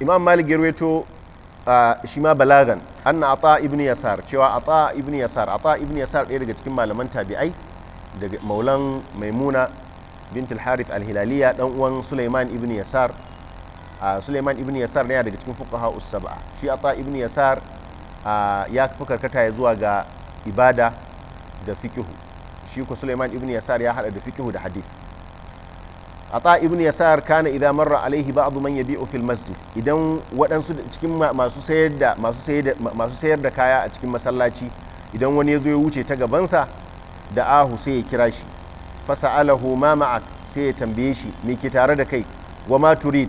Imam Malik ya rawaito shi ma balagan anna ata ibn yasar cewa ata ibn yasar ata ibn yasar ɗaya daga cikin malaman tabi'ai daga maulan maimuna bint al-harith al-hilaliya dan uwan Sulaiman ibn Yasar ah, Sulaiman ibn Yasar ne daga cikin fuqaha us-sab'a shi Ata ibn Yasar ah, ya fi karkata ya zuwa ga ibada da fikihu shi ko Sulaiman ibn Yasar ya hada da fikihu da hadith Ata ibn Yasar kana idza marra alaihi ba'd man yabi'u fil masjid idan waɗansu cikin masu sayar da masu sayar da masu sayar da kaya a cikin masallaci idan wani ya zo ya wuce ta gabansa da ahu sai ya kira shi fasa'alahu ma ma'ak sai ya tambaye shi me ke tare da kai wa ma turid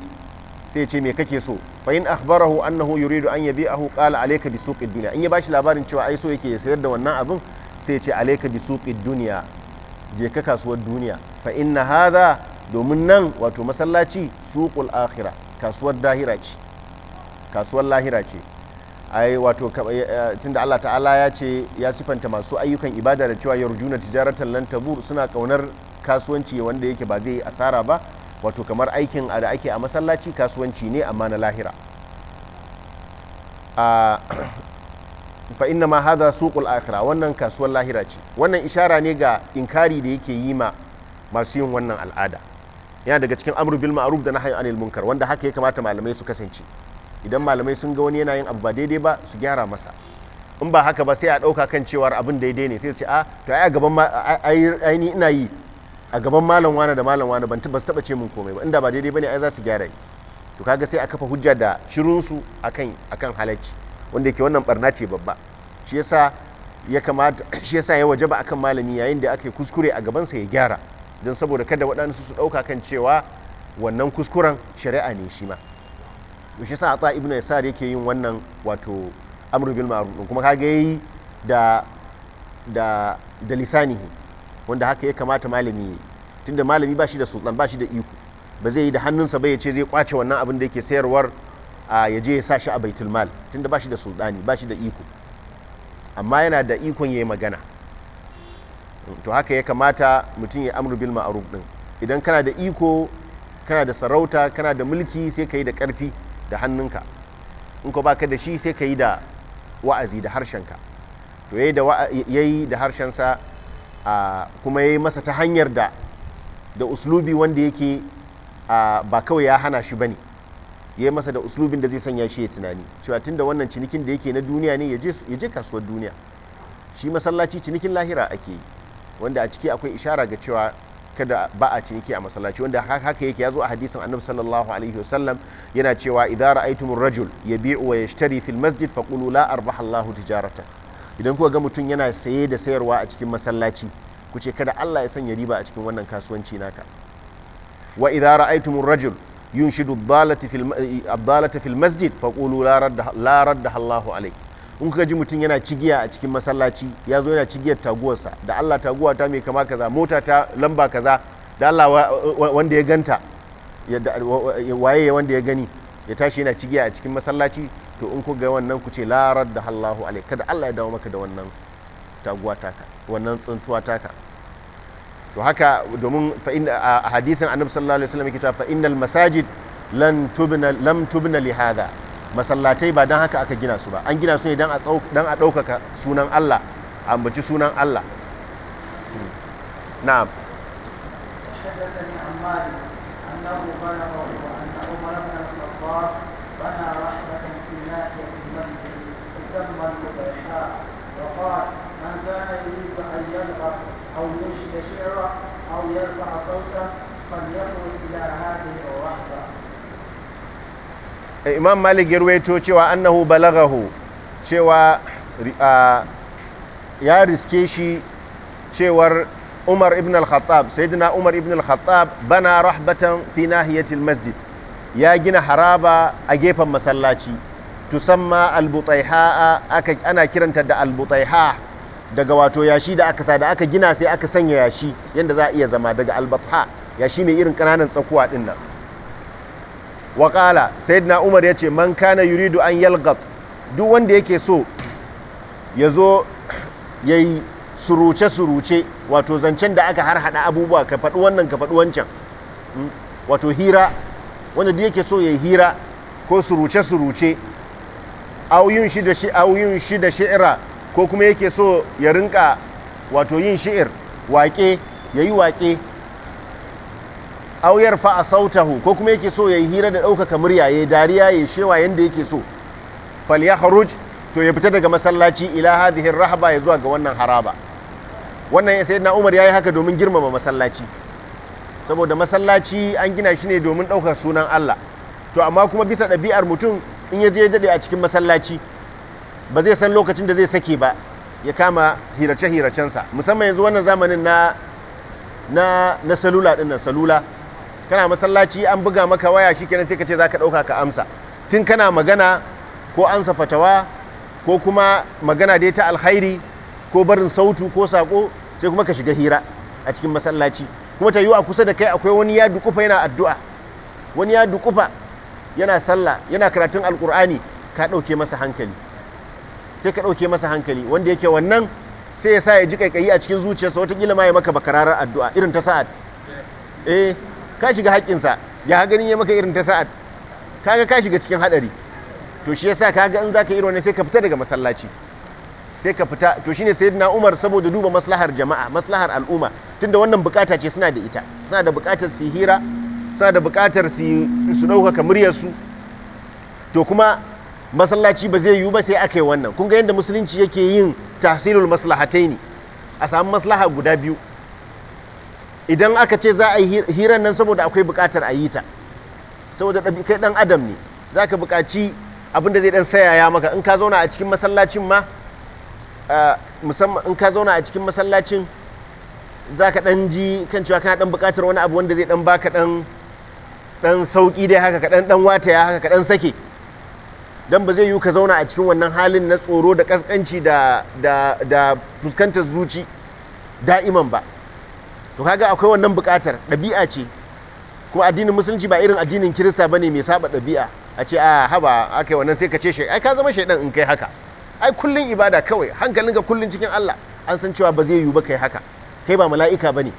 sai ce me kake so fa in akhbarahu annahu yuridu an yabi'ahu qala alayka bi suqid dunya in ya bashi labarin cewa ai so yake ya sayar da wannan abin sai ce alayka bi suqid dunya je ka kasuwar duniya fa inna hadha domin nan wato masallaci suqul akhirah kasuwar dahira ce kasuwar lahira ce ai wato eh, eh, tunda Allah ta'ala ya ce ya sifanta masu ayyukan ibada da cewa yarjuna tijaratan lan tabur suna kaunar kasuwanci wanda yake ba zai asara ba wato kamar aikin da ake a masallaci kasuwanci ne amma na lahira fa inna ma hadha suqul akhira wannan kasuwar lahira ce wannan ishara ne ga inkari da yake yi ma masu yin wannan al'ada yana daga cikin amru bil ma'ruf da nahyi anil munkar wanda haka ya kamata malamai su kasance idan malamai sun ga wani yana yin abu ba daidai ba su gyara masa in ba haka ba sai a ɗauka kan cewar abin daidai ne sai su ce a ah, to ai a gaban ai ni ina yi a gaban malam wani da malam wani ban su taba ce mun komai ba inda ba daidai bane ai za su gyara to kaga sai a kafa hujja da shirun su akan akan halacci wanda yake wannan barna ce babba shi yasa ya kamata shi yasa ya wajaba akan malami yayin da aka kuskure a gaban sa ya gyara don saboda kada waɗansu su ɗauka kan cewa wannan kuskuren shari'a ne shi ma to shi sa ata ibnu yasar yake yin wannan wato amru bil ma'ruf kuma kage yayi da da da lisanihi wanda haka ya kamata malami yi tunda malami ba shi da sultan ba shi da iko ba zai yi da hannunsa ba ya ce zai kwace wannan abin da yake sayarwar a ya je ya sa shi a baitul mal tunda ba shi da sultani ba shi da iko amma yana da ikon ya yi magana to haka ya kamata mutum ya amru bil ma'ruf din idan kana da iko kana da sarauta kana da mulki sai ka yi da karfi da hannunka in ko baka da shi sai ka yi da wa'azi da harshenka to yayi da yayi da harshensa kuma yayi masa ta hanyar da da uslubi wanda yake ba kawai ya hana shi bane yayi masa da uslubin da zai sanya shi ya tunani cewa tunda wannan cinikin da yake na duniya ne ya je kasuwar duniya shi masallaci cinikin lahira ake yi wanda a ciki akwai ishara ga cewa kada ba a ciniki a masallaci wanda haka yake ya zo a hadisin annabi sallallahu alaihi wasallam yana cewa idza ra'aytumur rajul yabi'u wa yashtari fil masjid faqulu la arbaha Allahu tijaratan idan kuka ga mutum yana saye da sayarwa a cikin masallaci ku ce kada Allah ya sanya riba a cikin wannan kasuwanci naka wa idza ra'aytumur rajul yunshidu ad-dalata fil ad-dalata fil masjid faqulu la radda la radda Allahu in kuka ji mutum yana cigiya a cikin masallaci ya zo yana cigiyar taguwarsa da Allah taguwa ta mai kama kaza mota ta lamba kaza da Allah wanda ya ganta waye wanda ya gani ya tashi yana cigiya a cikin masallaci to in ku ga wannan ku ce larar da Allahu alai kada Allah ya dawo maka da wannan taguwa taka wannan tsuntuwa taka to haka domin a hadisin annabi sallallahu alaihi wasallam yake cewa fa innal masajid lan tubna lam tubna li hadha masallatai ba don haka aka gina su ba an gina su ne don a ɗaukaka sunan Allah a ambaci sunan Allah na'am حدثني عن مالك أنه بلغه أن عمر بن imam malik ya ruwaito cewa annahu balagahu cewa ya riske shi cewar umar ibn al-khattab sayyidina umar ibn al-khattab bana rahbatan fi nahiyatil masjid ya gina haraba a gefen masallaci tusamma al-butaiha aka ana kiranta da al al-butaiha daga wato yashi da aka sa da aka gina sai aka sanya yashi yanda za a iya zama daga al albatha yashi mai irin kananan tsakuwa din nan waƙala sai na umar ya ce man kana yuridu an yalgat duk wanda yake so ya zo yayi suruce suruce wato zancen da aka harhaɗa abubuwa ka faɗi wannan ka faɗi wancan hmm? wato hira wanda da yake so ya yi hira ko suruce suruce auyin shi da shi'ira ko kuma yake so ya rinka wato yin shi'ir waƙe yi waƙe auyar fa a sautahu ko kuma yake so ya yi hira da ɗaukaka murya yi dariya yayi shewa yadda yake so ya haruj to ya fita daga masallaci ila hadihin rahaba ya zuwa ga wannan haraba wannan sayyidina Umar yi haka domin girmama masallaci saboda masallaci an gina shi ne domin ɗaukar sunan Allah to amma kuma bisa ɗabi'ar mutum in ya je daɗe a cikin masallaci ba zai san lokacin da zai sake ba ya kama hirace-hiracensa musamman yanzu wannan zamanin na na salula ɗin nan salula kana masallaci an buga maka waya shikenan sai ka ce zaka dauka ka amsa tun kana magana ko amsa fatawa ko kuma magana dai ta alkhairi ko barin sautu ko sako sai kuma ka shiga hira a cikin masallaci kuma ta yiwu a kusa da kai akwai wani ya dukufa yana addu'a wani ya dukufa yana sallah yana karatun alkur'ani ka dauke masa hankali sai ka dauke masa hankali wanda yake wannan sai ya sa ya ji kaikayi a cikin zuciyarsa wata ma ya maka bakararar addu'a irin ta sa'ad eh ka shiga haƙƙinsa ya ganin ya maka irin ta sa'ad kaga ka shiga cikin haɗari to shi yasa kaga in zaka yi wani sai ka fita daga masallaci sai ka fita to shine sayyidina Umar saboda duba maslahar jama'a maslahar al'umma tunda wannan bukata ce suna da ita suna da bukatar su hira suna da bukatar su su ɗaukaka muryar su to kuma masallaci ba zai yiwu ba sai aka yi wannan kun ga yadda musulunci yake yin tahsilul maslahataini a samu maslaha guda biyu idan aka ce za a yi hiran nan saboda akwai bukatar a yi ta saboda kai ɗan adam ne za ka buƙaci abin da zai ɗan sayaya maka in ka zauna a cikin masallacin ma in ka zauna a cikin masallacin za ka ɗan ji kan cewa kana ɗan buƙatar wani abu wanda zai ɗan ba ka ɗan sauƙi dai haka ka ɗan wata ya haka ka ɗan sake don ba zai yiwu ka zauna a cikin wannan halin na tsoro da ƙasƙanci da fuskantar zuci da'iman ba to kaga akwai wannan bukatar ɗabi'a ce kuma addinin musulunci ba irin addinin kirista bane mai saba ɗabi'a a ce a haba yi wannan sai ka ce shi ai ka zama shaidan in kai haka ai kullun ibada kawai hankalinka kullun cikin Allah an san cewa ba zai yiwu ba kai haka kai ba mala'ika bane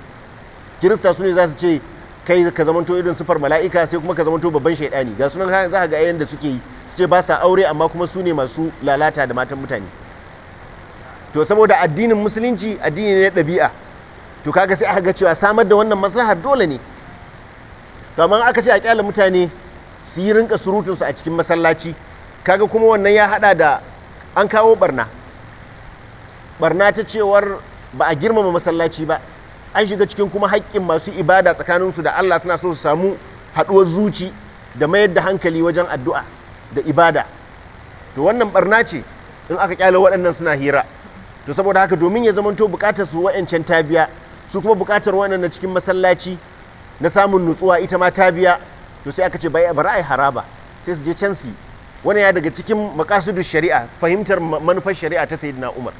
kirista su ne za su ce kai ka zamanto irin sufar mala'ika sai kuma ka zamanto babban shaidani ga sunan za ka ga ayyan da suke yi su ce ba sa aure amma kuma su ne masu lalata da matan mutane to saboda addinin musulunci addini ne ɗabi'a to kaga sai aka ga cewa samar da wannan maslahar dole ne to amma aka ce a kyala mutane su yi rinka surutun su a cikin masallaci kaga kuma wannan ya hada da an kawo barna barna ta cewar ba a girmama masallaci ba an shiga cikin kuma haƙƙin masu ibada tsakaninsu da Allah suna so su samu haɗuwar zuci da mayar da hankali wajen addu'a da ibada to wannan barna ce in aka kyale waɗannan suna hira to saboda haka domin ya zamanto bukatar su wa'ancan tabiya su kuma buƙatar wannan na cikin masallaci na samun nutsuwa ita ma ta biya to sai aka ce bai bara ai haraba sai su je can su wani ya daga cikin makasudu shari'a fahimtar manufar shari'a ta sayyidina Umar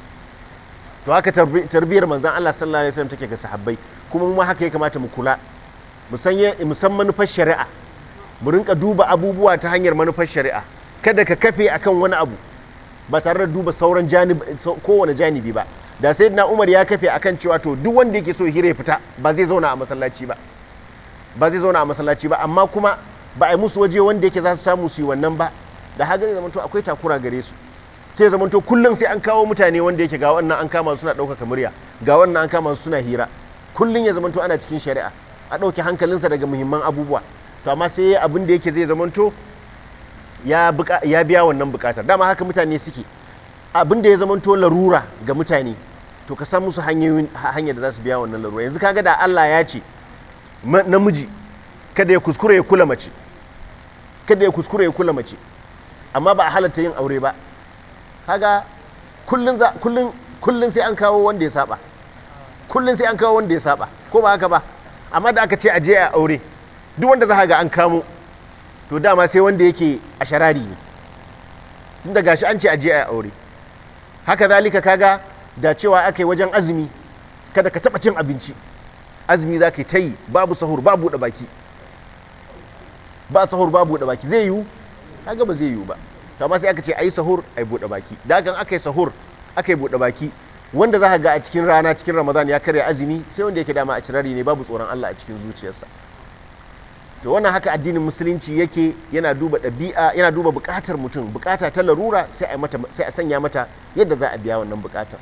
to haka tarbiyar manzon Allah sallallahu alaihi wasallam take ga sahabbai kuma mu haka ya kamata mu kula mu san manufar shari'a mu rinka duba abubuwa ta hanyar manufar shari'a kada ka kafe akan wani abu ba tare da duba sauran kowane janibi ba da sayyidina umar ya kafe akan cewa to duk wanda yake so hira ya fita ba zai zauna a masallaci ba ba zai zauna a masallaci ba amma kuma ba a yi musu waje wanda yake za su samu su yi wannan ba da haka zai zamanto akwai takura gare su sai zamanto kullum sai an kawo mutane wanda yake ga wannan an kama suna ɗaukaka murya ga wannan an kama suna hira kullum ya zamanto ana cikin shari'a a ɗauki hankalinsa daga muhimman abubuwa to amma sai ya abin da yake zai zamanto ya biya wannan bukatar dama haka mutane suke abin da ya zamanto larura ga mutane to ka san musu hanyar da za su biya wannan larura yanzu kaga da Allah ya ce namiji kada ya kuskure ya kula mace kada ya kuskure ya kula mace amma ba a halatta yin aure ba kaga kullun sai an kawo wanda ya saba kullun sai an kawo wanda ya saba ko ba haka ba amma da aka ce a je a aure duk wanda za ga an kamo to dama sai wanda yake a sharari ne tun da gashi an ce a je a aure haka zalika kaga da cewa aka yi wajen azumi kada ka taɓa cin abinci azumi za ka yi ta yi babu sahur babu buɗe baki ba sahur babu buɗe baki zai yiwu kaga ba zai yiwu ba to amma sai aka ce ayi sahur ayi buɗe baki da kan aka yi sahur aka yi buɗe baki wanda za ka ga a cikin rana cikin ramadan ya karya azumi sai wanda yake dama a cirari ne babu tsoron allah a cikin zuciyarsa to wannan haka addinin musulunci yake yana duba ɗabi'a yana duba buƙatar mutum buƙata ta larura sai a sanya mata yadda za a biya wannan buƙatar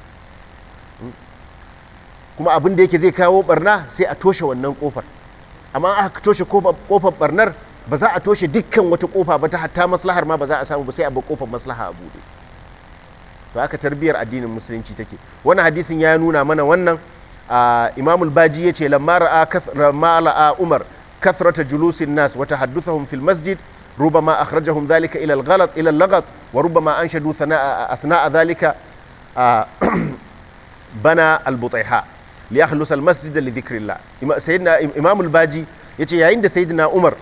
kuma abin da yake zai kawo barna sai a toshe wannan kofar amma aka toshe kofar barnar ba za a toshe dukkan wata kofa ba ta hatta maslahar ma ba za a samu ba sai a bar kofar maslaha a bude to aka tarbiyar addinin musulunci take wannan hadisin ya nuna mana wannan imamul baji yace lamma ra'a umar kathrata julusin nas wa tahadduthahum fil masjid ربما أخرجهم ذلك إلى الغلط إلى wa وربما أنشدوا ثناء أثناء ذلك bana al ليخلص المسجد لذكر الله masjid li الباجي sayyidina baji yace yayin da sayyidina umar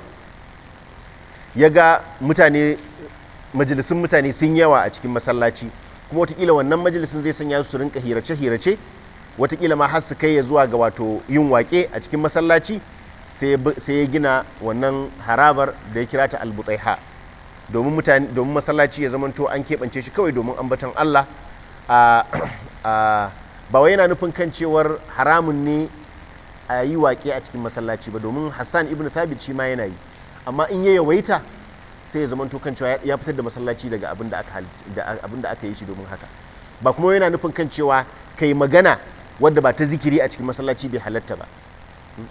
ya ga mutane majalisun yawa cikin masallaci kuma watakila wannan majalisun zai sanya su rinka hirace-hirace watakila ma har su kai ya zuwa ga wato yin wake a cikin masallaci sai ya gina wannan harabar da ya kira ta albutaiha domin masallaci ya zamanto an keɓance shi kawai domin ambaton Allah a ba wai yana nufin kan cewar haramun ne a yi waƙe a cikin masallaci ba domin hassan ibn thabit shi ma yana yi amma in ya yawaita sai ya zamanto kan cewa ya fitar da masallaci daga abin da aka yi shi domin haka ba kuma yana nufin kan cewa ka yi magana wadda ba ta zikiri a cikin masallaci bai halatta ba hmm?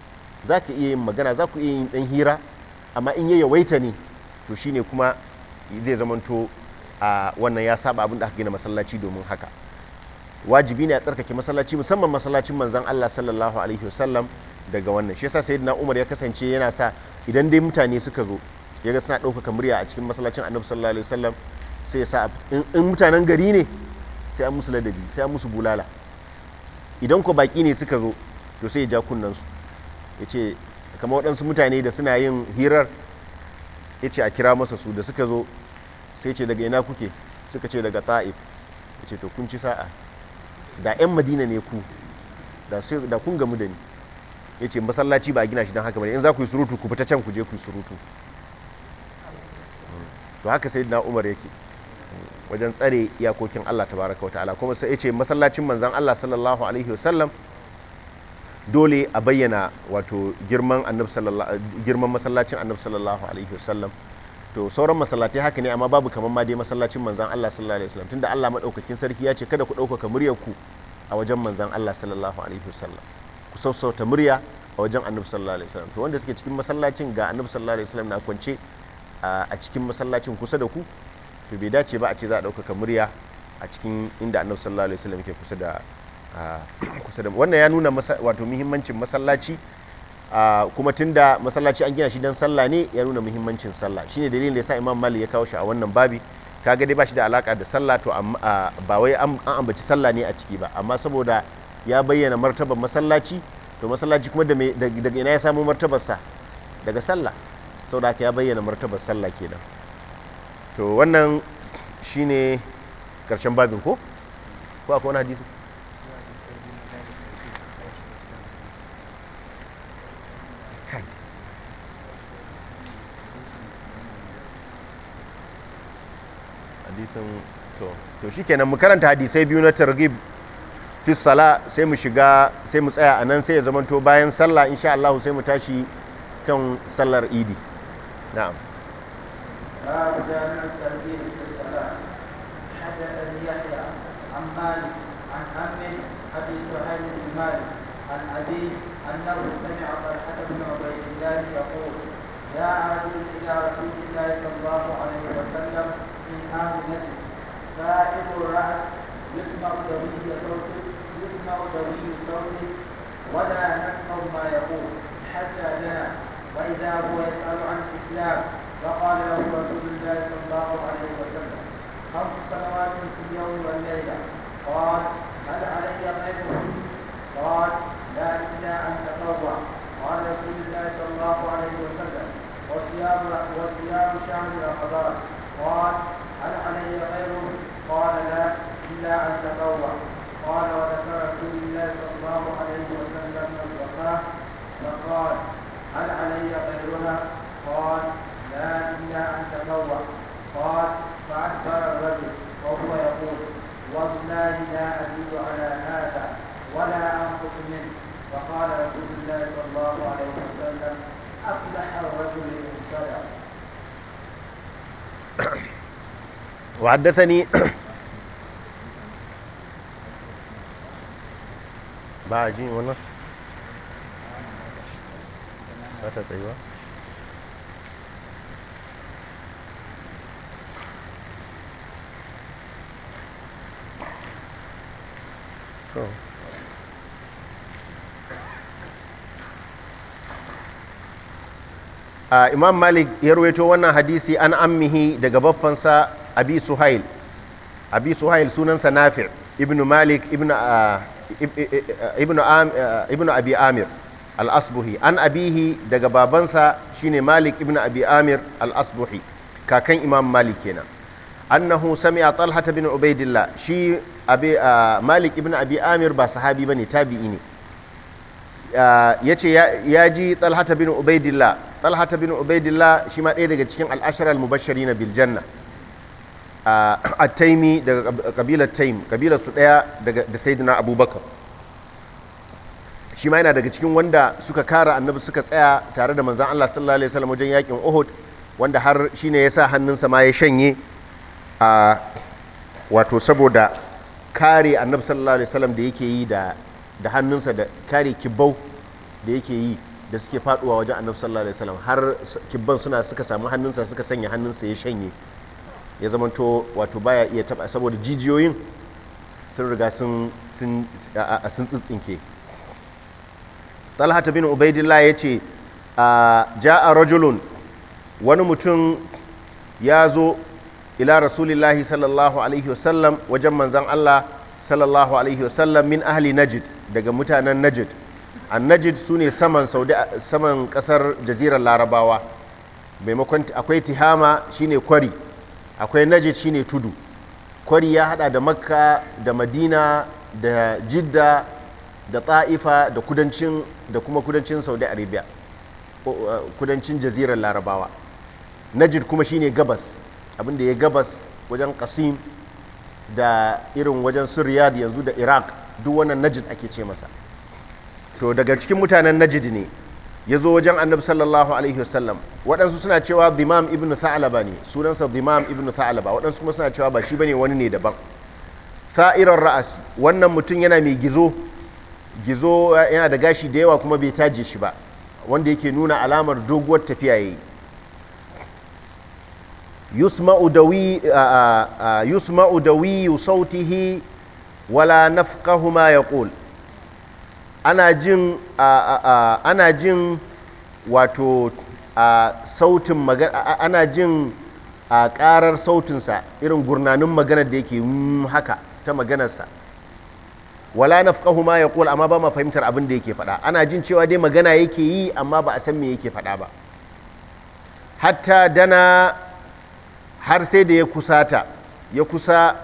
za ka iya yin magana za ku iya yin dan hira amma in ya yawaita ne to shine kuma zai zamanto a wannan ya saba abin da aka gina masallaci domin haka wajibi ne a tsarkake masallaci musamman masallacin manzon Allah sallallahu alaihi wasallam daga wannan shi yasa sayyidina Umar ya kasance yana sa idan dai mutane suka zo yaga suna ɗaukaka murya a cikin masallacin Annabi sallallahu alaihi wasallam sai sa in mutanen gari ne sai an musu ladabi sai an musu bulala idan ko baki ne suka zo to sai ya ja kunnan su yace kamar waɗansu mutane da suna yin hirar yace a kira masa su da suka zo sai ce daga ina kuke suka ce daga ta'if yace to kun ci sa'a da 'yan madina ne ku da kun gamu da ni ya ce masallaci ba a gina shi don haka bane in za ku yi surutu ku fita can ku je ku yi surutu hmm. to haka sai na umar yake wajen tsare iyakokin Allah baraka wa ta'ala kuma sai ya ce masallacin manzan Allah sallallahu alaihi wasallam dole a bayyana wato girman masallacin annabi sallallahu alaihi wasallam to sauran masallatai haka ne amma babu kamar ma dai masallacin manzan Allah sallallahu alaihi wasallam tunda Allah madaukakin sarki ya ce kada ku ɗaukaka muryarku ku a wajen manzan Allah sallallahu alaihi wasallam ku sassauta murya a wajen annabi sallallahu alaihi wasallam to wanda suke cikin masallacin ga annabi sallallahu alaihi wasallam na kwance a cikin masallacin kusa da ku to bai dace ba a ce za a ɗaukaka murya a cikin inda annabi sallallahu alaihi wasallam yake kusa da kusa da wannan ya nuna wato muhimmancin masallaci kuma tunda masallaci an gina shi don sallah ne ya nuna muhimmancin sallah shine dalilin da yasa imam malik ya kawo shi a wannan babi kaga dai ba shi da alaka da sallah to ba wai an ambaci sallah ne a ciki ba amma saboda ya bayyana martabar masallaci to masallaci kuma daga ina ya samu martabarsa daga sallah saboda haka ya bayyana martabar sallah kenan to wannan shine karshen babin ko ko akwai wani hadisi hadisin to to shikenan mu karanta hadisai biyu na targhib fi sala sai mu shiga sai mu tsaya anan sai ya to bayan sallah insha Allah sai mu tashi kan sallar idi na'am باب جامع الترغيب في الصلاة حدثني يحيى عن مالك عن عم سهيل بن مالك عن سمع بن عبيد الله يقول جاء رجل رسول الله صلى الله عليه وسلم من آمنة فائق الرأس يسمع دوي صوته يسمع دوي صوته ولا نفهم ما يقول حتى دنا وإذا هو يسأل عن الإسلام فقال له رسول الله صلى الله عليه وسلم خمس سنوات في اليوم والليلة قال هل علي غيرهم؟ قال لا إلا أن تطوع قال رسول الله صلى الله عليه وسلم وصيام وصيام شهر رمضان قال هل علي غيره قال لا إلا أن تطوع قال وذكر رسول الله صلى الله عليه وسلم الزكاة فقال هل علي غيرها قال لا إلا أن تطوع قال فأكبر الرجل وهو يقول والله لا أزيد على هذا ولا أنقص منه فقال رسول الله صلى الله عليه وسلم أفلح الرجل إن صدق وحدثني بقى عجيب والله أتت أيوه شوف Ah, imam malik ya rawaito wannan hadisi an ammihi daga baffansa abi suhail abi suhail sunansa nafi ibnu malik ibnu ah, ah, ibnu abi amir al-asbuhi an abihi daga babansa shine malik ibnu abi amir al-asbuhi kakan imam malik kenan annahu sami'a talha bin ubaidillah shi abi malik ibnu abi amir ba sahabi bane tabi'i ne yace ya ji talha bin ubaidillah talha bin ubaidillah shi ma ɗaya daga cikin al'ashar al-mubashari na biljanna a taimi daga kabilar taim kabilar su ɗaya da saidina abubakar shi ma yana daga cikin wanda suka kara annabi suka tsaya tare da manzan allah sallallahu alaihi wasallam wajen yakin uhud wanda har shi ne ya sa hannunsa ma ya shanye a wato saboda kare annabi sallallahu alaihi wasallam da yake yi da hannunsa da kare kibau da yake yi da suke faduwa wajen annabi sallallahu alaihi wasallam har kibban suna suka samu hannunsa suka sanya hannunsa ya shanye ya zamanto wato baya iya taba saboda jijiyoyin sun riga sun sun tsintsinke talha bin ubaidillah ya ce ja'a rajulun wani mutum ya zo ila rasulillahi sallallahu alaihi wasallam wajen manzan allah sallallahu alaihi wasallam min ahli najid daga mutanen najid annajid su ne saman saman kasar jazirar larabawa maimakon akwai tihama shine kwari akwai najid shine tudu kwari ya hada da makka da madina da jidda da ta'ifa da kudancin da kuma kudancin saudi arabia eh, kudancin jazirar larabawa najid kuma shine gabas abinda ya gabas wajen kasim da irin wajen su da yanzu da iraq duk wannan najid ake ce masa to daga cikin mutanen najid ne ya zo wajen annabi sallallahu alaihi wasallam waɗansu suna cewa zimam ibn tha'laba ne sunansa zimam ibn tha'laba waɗansu kuma suna cewa ba shi bane wani ne daban sa'irar ra'as wannan mutum yana mai gizo gizo yana da gashi da yawa kuma bai taje shi ba wanda yake nuna alamar doguwar tafiya yayi yusma'u dawi yusma'u dawi sautihi wala nafqahu ma yaqul ana jin ana jin wato sautin magana ana jin a karar sautinsa irin gurnanin magana da yake mm, haka ta maganarsa wala nafqahu ma yaqul amma ba ma fahimtar abin da yake faɗa ana jin cewa dai magana yake yi amma ba a san me yake faɗa ba hatta dana har sai da ya kusata ya kusa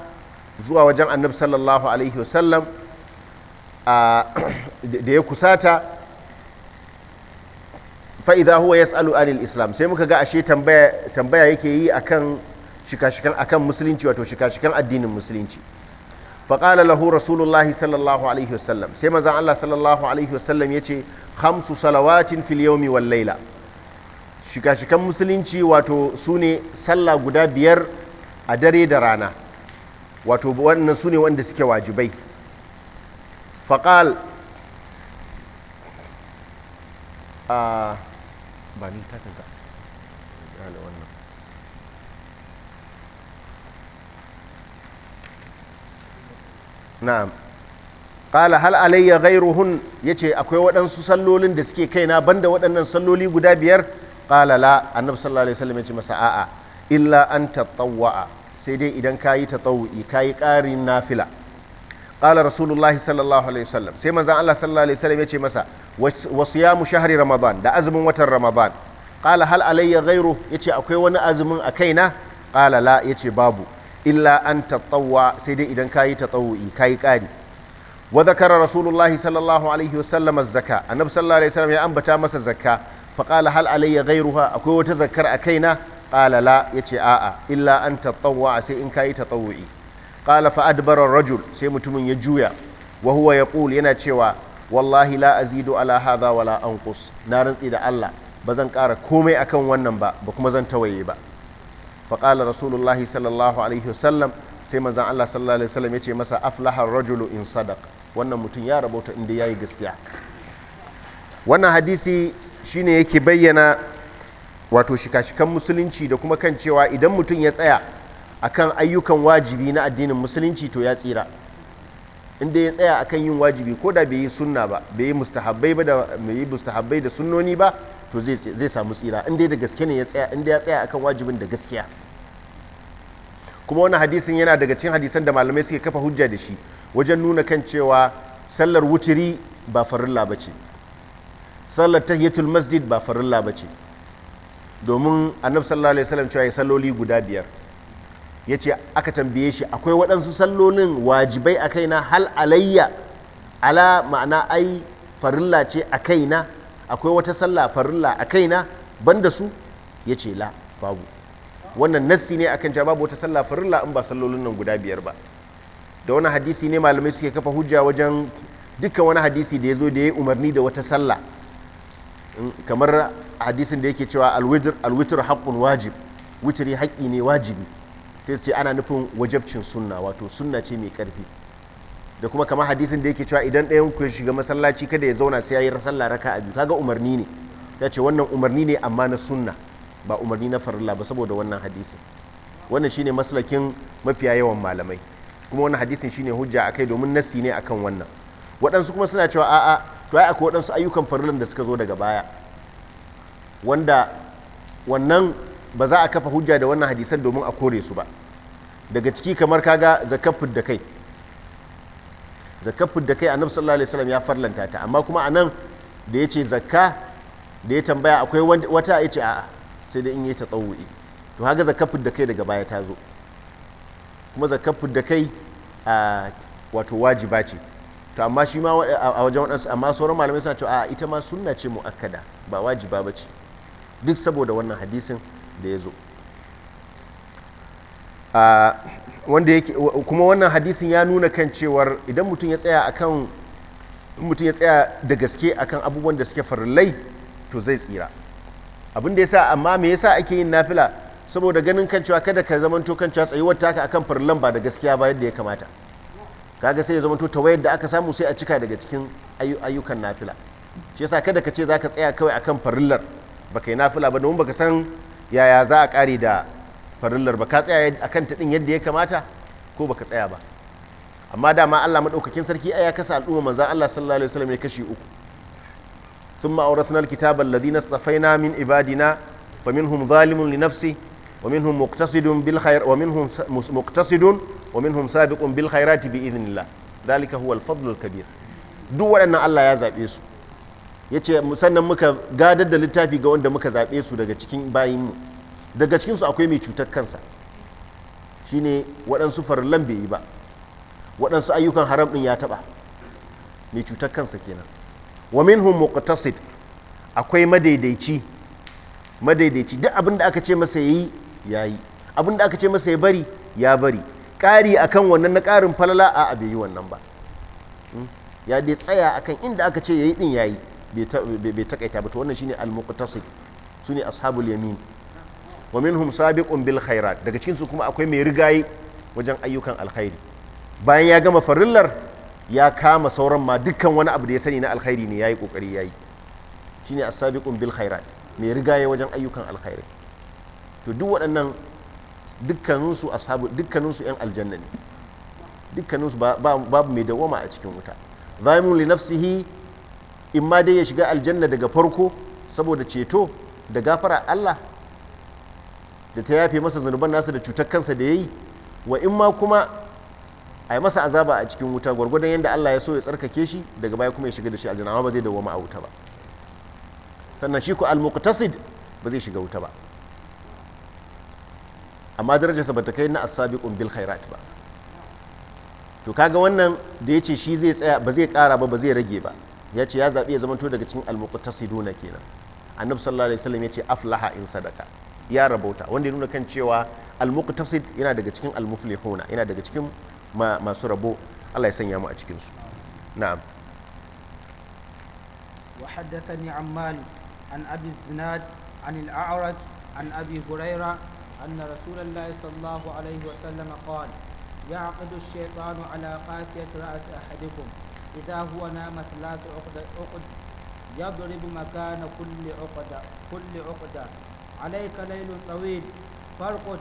zuwa wajen annabi sallallahu alaihi wasallam da ya kusata fa'iza huwa ya tsalu alil islam sai muka ga ashe tambaya yake yi akan shikashikan akan musulunci wato shikashikan addinin musulunci faƙala lahu rasulullahi sallallahu alaihi wasallam sai maza Allah sallallahu alaihi wasallam ya ce hamsu salawatin fil yawmi wal laila shikashikan musulunci wato su ne sallah guda biyar a dare da rana wato wannan su ne wanda suke wajibai faƙal a ba ni ta tanka na'am qala hal alayya ghayruhun yace akwai waɗansu sallolin da suke kai kaina banda waɗannan salloli guda biyar Ƙala la annabi sallallahu alaihi wasallam masa a'a illa an tatawwa sai dai idan kayi tatawwi kayi ƙarin nafila qala rasulullahi sallallahu alaihi wasallam sai manzon Allah sallallahu ya ce masa wa siyamu shahri ramadan da azumin watan ramadan qala hal alayya ghairu yace akwai wani azumin a kaina qala la babu illa an tatawwa sai dai idan kayi tatawu'i kayi kari wa dhakara rasulullahi alaihi wasallam az-zakka annabi sallallahu ya ambata masa zakka fa qala hal alayya ghairuha akwai wata zakkar a kaina qala la yace a'a illa an tatawwa sai in kayi tatawu'i ƙala fa adbara rajul sai mutumin ya juya wa huwa yaqul yana cewa wallahi la azidu ala hadha wala anqus na rantsi da Allah ba zan ƙara komai akan wannan ba ba kuma zan tawaye ba fa qala rasulullahi sallallahu alaihi wasallam sai manzon Allah sallallahu alaihi wasallam yace masa aflaha rajulu in sadaka, wannan mutum ya inda yayi gaskiya wannan hadisi shine yake bayyana wato shika-shikan musulunci da kuma kan cewa idan mutum ya tsaya akan ayyukan wajibi na addinin musulunci to ya tsira inda ya tsaya akan yin wajibi ko da bai yi sunna ba bai yi mustahabbai ba da bai yi mustahabbai da sunnoni ba to zai zai samu tsira inda da gaske ne ya tsaya inda ya tsaya akan wajibin da gaskiya kuma wani hadisin yana daga cikin hadisan da malamai suke kafa hujja da shi wajen nuna kan cewa sallar wutiri ba farilla ba ce sallar tahiyatul masjid ba farilla ba ce domin annabi sallallahu alaihi wasallam cewa ya salloli guda biyar ya ce aka tambaye shi akwai waɗansu sallolin wajibai a kaina hal alayya ala ma'ana ai farilla ce a kaina akwai wata sallah farilla a kaina banda su ya ce la babu wannan nassi ne akan cewa babu wata sallah farilla in ba sallolin nan guda biyar ba da wani hadisi ne malamai suke kafa hujja wajen duka wani hadisi da ya zo da ya umarni da wata sallah kamar hadisin da yake cewa alwitir haƙƙun wajib witiri haƙƙi ne wajibi sai su ce ana nufin wajabcin sunna wato sunna ce mai karfi da kuma kamar hadisin da yake cewa idan ɗayan ku shiga masallaci kada ya zauna sai ya yi sallah raka a biyu kaga umarni ne ta ce wannan umarni ne amma na sunna ba umarni na farilla ba saboda wannan hadisin wannan shine maslakin mafiya yawan malamai kuma wannan hadisin shine hujja akai domin nassi ne akan wannan waɗansu kuma suna cewa a'a to ai akwai waɗansu ayyukan farillan da suka zo daga baya wanda wannan ba za a kafa hujja da wannan hadisan domin a kore su ba daga ciki kamar kaga zakafin da kai zakafin da kai annabi sallallahu alaihi wasallam ya farlanta ta amma kuma anan da yace zakka da ya tambaya akwai wata yace a'a sai dai in yi ta tsawu'i to haga zakafin da kai daga baya ta zo kuma zakafin da kai a wato wajiba ce to amma shi ma a wajen waɗansu amma sauran malamai suna cewa a ita ma sunna ce mu'akkada ba wajiba ba ce duk saboda wannan hadisin da ya zo kuma wannan hadisin ya nuna kan cewar idan mutum ya tsaya akan mutum ya tsaya da gaske akan abubuwan da suke farillai to zai tsira abin da ya sa amma me yasa ake yin nafila saboda ganin kan cewa kada ka zamanto kan cewa tsayuwar taka akan farillan ba da gaskiya ba yadda ya kamata kaga sai ya zamanto ta wayar da aka samu sai a cika daga cikin ayyukan nafila shi yasa kada ka ce zaka tsaya kawai akan farillar baka yi nafila ba domin baka san yaya za a ƙare da farillar ba ka tsaya a kan ta ɗin yadda ya kamata ko ba ka tsaya ba amma dama Allah maɗaukakin sarki ya kasa al'umma manzan Allah sallallahu alaihi wasallam ya kashe uku ثم أورثنا kitabar الذين اصطفينا من عبادنا فمنهم ظالم لنفسه ومنهم مقتصد بالخير ومنهم مقتصد ومنهم سابق بالخيرات بإذن الله ذلك هو الفضل الكبير دو ya ce sannan muka gadar da littafi ga wanda muka zaɓe su daga cikin bayinmu daga cikinsu akwai mai cutar kansa shine waɗansu farillan bai yi ba waɗansu ayyukan haram ɗin ya taɓa mai cutar kansa kenan wa minhum muqtasid akwai madaidaici madaidaici duk abin da aka ce masa yayi yayi abin da aka ce masa ya bari ya bari ƙari akan wannan na ƙarin falala a bai yi wannan ba hmm? ya dai tsaya akan inda aka ce yayi din yayi bai takaita ba to wannan shine al-muqtasid sune ashabul yamin wa minhum sabiqun bil khairat daga cikin su kuma akwai mai rigayi wajen ayyukan alkhairi bayan ya gama farillar ya kama sauran ma dukkan wani abu da ya sani na alkhairi ne yayi kokari yayi shine as-sabiqun bil khairat mai rigayi wajen ayyukan alkhairi to duk waɗannan dukkaninsu ashabu dukkaninsu yan aljanna ne dukkaninsu babu mai dawama a cikin wuta zaimun li nafsihi in ma dai ya shiga aljanna daga farko saboda ceto da gafara Allah da ta yafe masa zunuban nasa da cutar kansa da ya yi wa in ma kuma a yi masa azaba a cikin wuta gwargwadon yadda Allah ya so ya tsarkake shi daga baya kuma ya shiga da shi aljanna amma ba zai ma a wuta ba sannan shi ku al-muqtasid ba zai shiga wuta ba amma darajarsa ba ta kai na asabiqun bil khairat ba to kaga wannan da ya ce shi zai tsaya ba zai kara ba ba zai rage ba ya ce ya zaɓi ya zamanto daga cikin na kenan annabi sallallahu alaihi wasallam ya ce aflaha in sadaka ya rabauta wanda ya nuna kan cewa almuqtasid yana daga cikin almuflihuna yana daga cikin masu rabo Allah ya sanya mu a cikin su na'am wa haddathani an malik an abi zinad an al-a'raj an abi huraira أن رسول الله صلى الله عليه وسلم قال يعقد الشيطان على قافية رأس أحدكم إذا هو نام ثلاث عقد عقد يضرب مكان كل عقدة كل عقدة عليك ليل طويل فارقد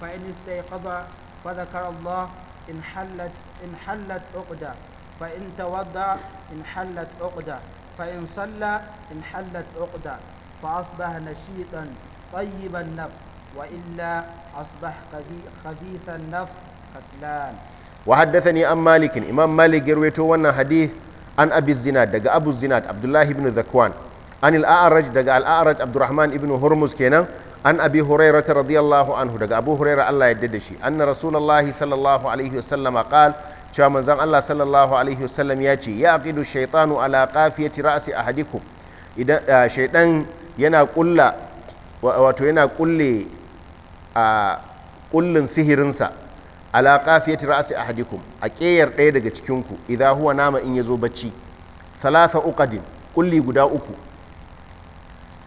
فإن استيقظ فذكر الله إن حلت إن حلت عقدة فإن توضأ إن حلت عقدة فإن صلى إن حلت عقدة فأصبح نشيطا طيب النفس وإلا أصبح خبيث النفس قتلان wa haddathani an malikin imam malik ya wannan hadith an abi zinad daga abu zinad abdullahi ibn zakwan an al-a'raj daga al-a'raj abdurrahman ibn hurmuz kenan an abi hurairah radiyallahu anhu daga abu hurairah Allah ya da shi anna rasulullahi sallallahu alaihi wasallam qala cewa manzon Allah sallallahu alaihi wasallam ya ce ya aqidu shaytanu ala qafiyati ra'si ahadikum idan shaydan yana wato yana kule a sihirinsa ala qafiyati ra'si ahadikum a ƙeyar ɗaya daga cikinku idza huwa nama in yazo bacci thalatha uqadin kulli guda uku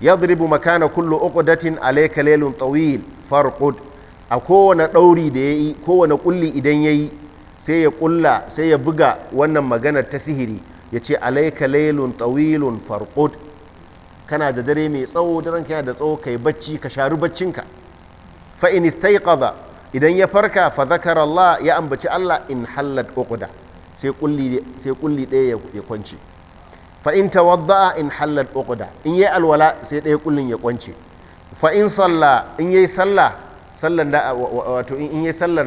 yadribu makana kullu uqdatin alayka laylun tawil farqud a kowane ɗauri da yayi kowane kulli idan yayi sai ya kulla sai ya buga wannan maganar ta sihiri ya ce alayka laylun tawilun farqud kana da dare mai tsawo daren kana da tsawo kai bacci ka sharu baccinka fa in istayqadha idan ya farka fa zakara Allah ya ambaci Allah in hallat uqda sai kulli sai kulli ɗaya ya kwance fa in tawadda'a in hallat uqda in yayi alwala sai ɗaya kullin ya kwance fa in salla in yayi salla sallan da wato in yayi sallar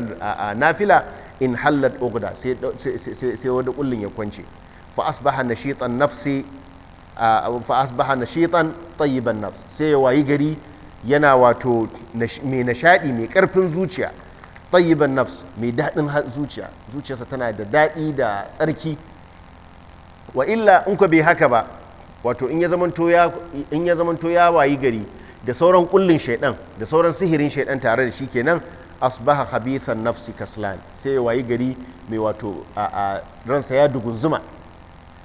nafila in hallat uqda sai sai wanda kullin ya kwance fa asbaha nashitan nafsi fa asbaha nashitan tayyiban nafs sai ya wayi gari yana wato mai nishadi mai karfin zuciya tayyiban nafs mai daɗin zuciya zuciyarsa tana da daɗi da tsarki wa illa in ka bai haka ba wato in ya zamanto ya wayi gari da sauran kullin shaidan da sauran sihirin shaidan tare da shi kenan asbaha habithan nafsi kaslan sai ya wayi gari mai wato a ransa ya zuma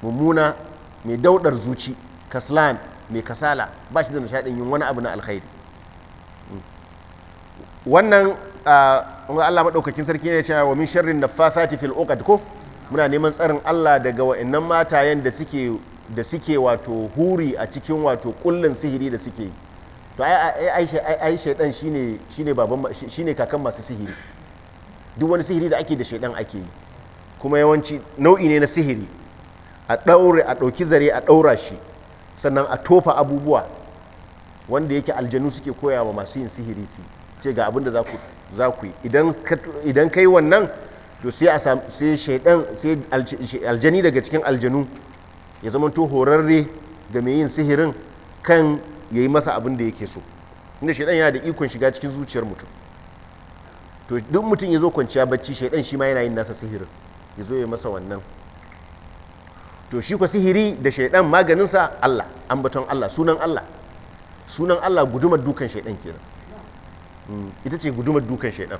mummuna mai daudar zuci kaslan mai kasala ba shi da nishadin yin wani abu na alkhairi wannan wanda ah, Allah maɗaukakin sarki ne cewa wa min sharrin naffathati fil uqad ko muna neman tsarin Allah daga wa'annan matayen da suke da wato huri a cikin wato kullun sihiri da suke to ai ai shine shine baban kakan masu sihiri duk wani sihiri da ake da shaidan ake yi kuma yawanci nau'i ne na sihiri a ɗaure a ɗauki zare a ɗaura shi sannan a tofa abubuwa wanda yake aljanu suke koya wa masu yin sihiri su ce ga abin za ku yi idan kai wannan to sai a sai shaidan sai aljani daga cikin aljanu ya zama to horarre ga mai yin sihirin kan ya yi masa abin da yake so inda shaidan yana da ikon shiga cikin zuciyar mutum to duk mutum ya zo kwanciya bacci shaidan shi ma yana yin nasa sihirin ya zo ya masa wannan to shi kwa sihiri da shaidan maganinsa Allah ambaton Allah sunan Allah sunan Allah gudumar dukan shaidan kenan ita ce gudumar dukan shaidan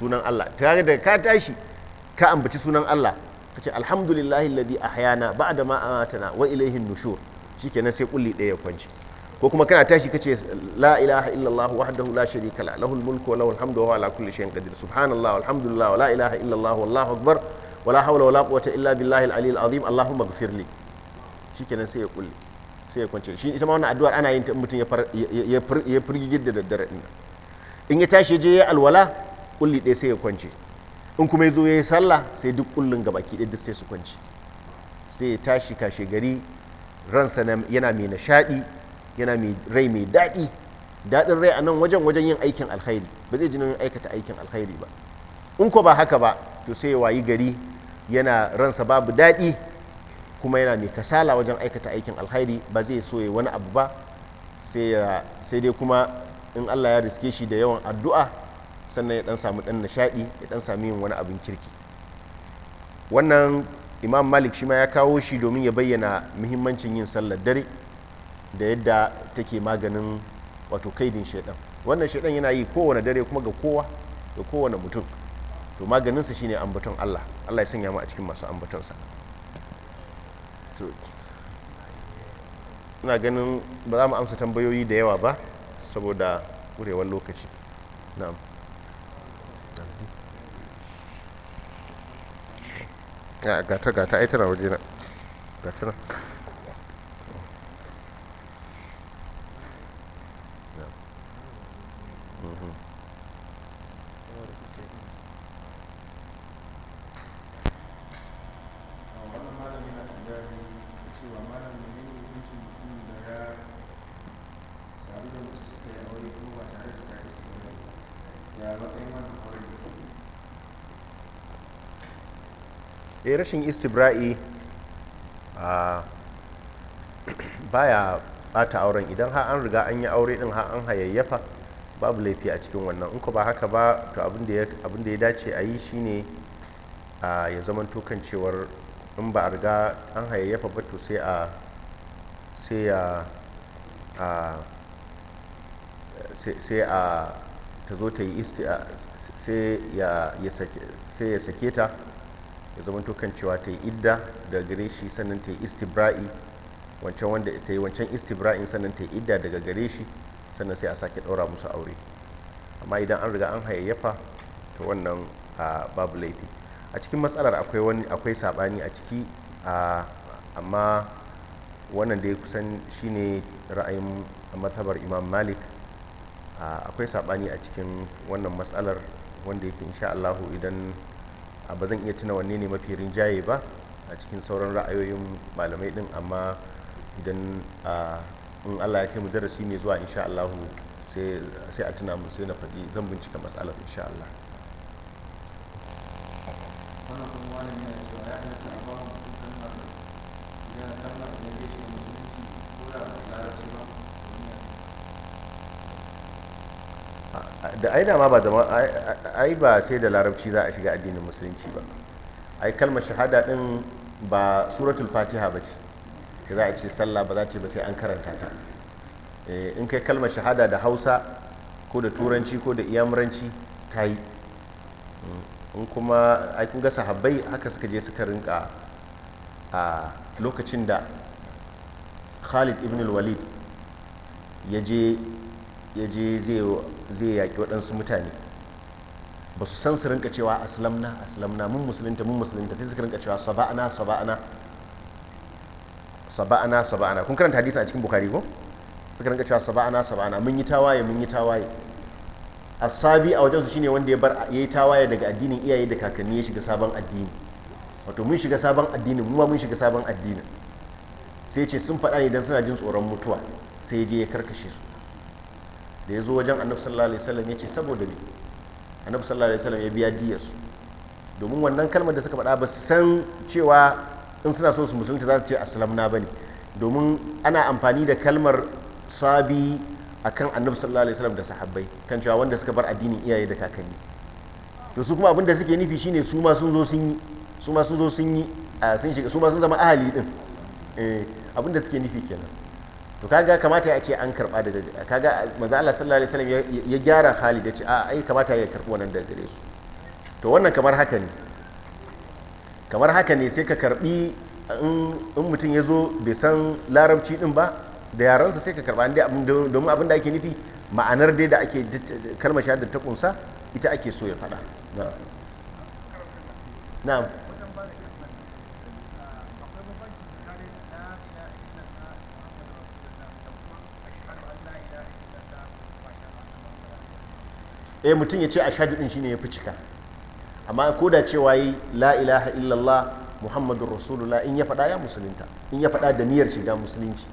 sunan Allah tare da ka tashi ka ambaci sunan Allah ka ce alhamdulillahi alladhi ahyana ba'da ma amatana wa ilayhi nushur shikenan sai kulli daya ya kwanci ko kuma kana tashi kace la ilaha illallah wahdahu la sharika la lahul mulku wa lahul hamdu wa huwa ala kulli shay'in qadir subhanallah walhamdulillah wa la ilaha illallah wallahu akbar wa la hawla wa la quwwata illa billahi al aliyyil azim allahumma ighfirli shikenan sai ya kulli sai ya kwance shi ita ma wannan addu'ar ana yin ta mutum ya ya firgigir da daddare din in ya tashi je ya alwala kulli ɗaya sai ya kwance in kuma ya zo ya yi sallah sai duk kullun gabaki ɗaya duk sai su kwance sai ya tashi kashe gari ransa yana mai nishaɗi yana mai rai mai daɗi daɗin rai a nan wajen wajen yin aikin alkhairi ba zai ji nan aikata aikin alkhairi ba in ko ba haka ba to sai ya wayi gari yana ransa babu daɗi kuma yana mai kasala wajen aikata aikin alkhairi ba zai so ya wani abu ba sai dai kuma in Allah ya riske shi da yawan addu'a sannan ya dan samu dan nishadi ya dan sami yin wani abin kirki wannan imam malik shi ma ya kawo shi domin ya bayyana muhimmancin yin sallar dare da yadda take maganin wato kaidin shaidan wannan shaidan yana yi kowane dare kuma ga kowa da kowane mutum to maganinsa shine ambaton Allah Allah ya sanya mu a cikin masu ambatonsa to ina ganin ba za mu amsa tambayoyi da yawa ba saboda ƙurewar lokaci na'am ya gata gata ai tana waje na gata na Mm-hmm. E eh rashin istibra'i baya bata auren idan ha an riga an yi aure din ha an hayayyafa babu laifi a cikin wannan in ba haka ba to abin da ya dace a yi shine ya zama tokan cewar in ba a riga an hayayyafa ba to sai a sai a ta zo ta yi sai ya sake ta ya zama tukan cewa ta yi idda daga gare shi sannan ta yi istibra'i wancan wanda ta yi wancan istibra'in sannan ta yi idda daga gare shi sannan sai a sake ɗaura musu aure amma idan an riga an hayayyafa ta wannan babu laifi a cikin matsalar akwai wani saɓani a ciki amma wannan da ya kusan shine ra'ayin matsabar imam malik akwai saɓani a cikin wannan matsalar wanda yake insha Allahu idan ba zan iya tuna wanne ne mafi rinjaye ba a cikin sauran ra'ayoyin malamai din amma idan in Allah ya kai mu darasi mai zuwa insha Allahu sai a tuna mu sai na faɗi zan bincika matsalar insha Allah wannan you. da ai ma ba zama ai ba sai da larabci za a shiga addinin musulunci ba ai kalmar shahada din ba suratul fatiha ba ce za a ce sallah ba za ce ba sai an karanta ta eh, in kai kalmar shahada da hausa ko da turanci ko da iyamuranci ta yi hmm, in kuma ai kun ga sahabbai haka suka je suka rinka a lokacin da khalid ibn walid ya je ya je zai yaƙi waɗansu mutane ba su san su rinka cewa aslamna aslamna mun musulunta mun musulunta sai suka rinka cewa saba'ana saba'ana saba'ana saba'ana kun karanta hadisi a cikin bukari ko suka rinka cewa saba'ana saba'ana mun yi tawaye mun yi tawaye asabi a wajensu shine wanda ya bar yayi tawaye daga addinin iyaye da kakanni ya shiga sabon addini wato mun shiga sabon addini mu ma mun shiga sabon addini sai ce sun faɗa ne dan suna jin tsoron mutuwa sai ya je ya karkashe su da ya zo wajen annabi sallallahu alaihi wasallam ya ce saboda me annabi sallallahu alaihi wasallam ya biya su domin wannan kalmar da suka faɗa ba su san cewa in suna so su musulunci za su ce aslamna bane domin ana amfani da kalmar sabi akan annabi sallallahu alaihi wasallam da sahabbai kan cewa wanda suka bar addinin iyaye da kakanni to su kuma abin da suke nufi shine su ma sun zo sun yi su ma sun zo sun yi sun shiga su ma sun zama ahali din eh abin da suke nufi kenan to kaga kamata ya ce an karba daga kaga manzo Allah sallallahu alaihi wasallam ya gyara hali da ce a ai kamata ya karbi wannan daga gare su to wannan kamar haka ne kamar haka ne sai ka karbi in mutum ya zo bai san larabci din ba da yaransa sai ka karba domin abin da ake nufi ma'anar dai da ake kalmar shahadar ta kunsa ita ake so ya faɗa na'am eh mutum ya ce ashadu din ne ya fi cika amma ko da cewa yi la ilaha illallah Muhammadu rasulullah in ya faɗa ya musulunta in ya faɗa da niyyar shiga musulunci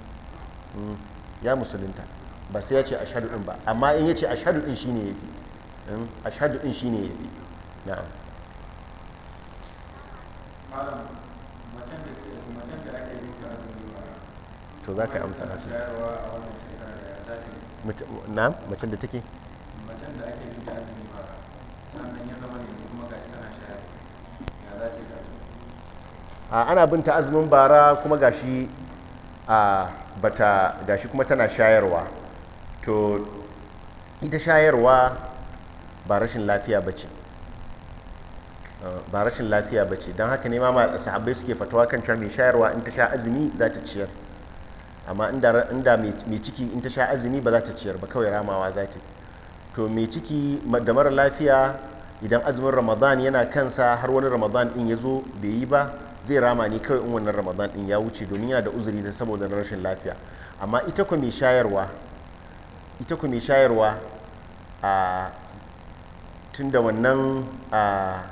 hmm, ya musulunta ba sai ya ce ashadu din ba amma in ya ce ashadu din ne ya fi hmm, ashadu din ne ya fi na'am to za ka amsa na na macen da take macen da ake yi da azumi ba sannan ya zama yanzu kuma gashi tana shayar ya za ta a ana bin ta azumin bara kuma gashi a bata gashi kuma tana shayarwa to ita shayarwa ba rashin lafiya ba ce ba rashin lafiya ba ce don haka ne ma sahabbai suke fatawa kan cewa mai shayarwa in ta sha azumi za ta ciyar amma inda mai ciki in ta sha azumi ba za ta ciyar ba kawai ramawa za ta to mai ciki da mara lafiya idan azumin ramadan yana kansa har wani ramadan din ya zo bai yi ba zai rama ne kawai in wannan ramadan din ya wuce domin yana da uzuri da saboda rashin lafiya amma ita ku mai shayarwa ita ku mai wannan a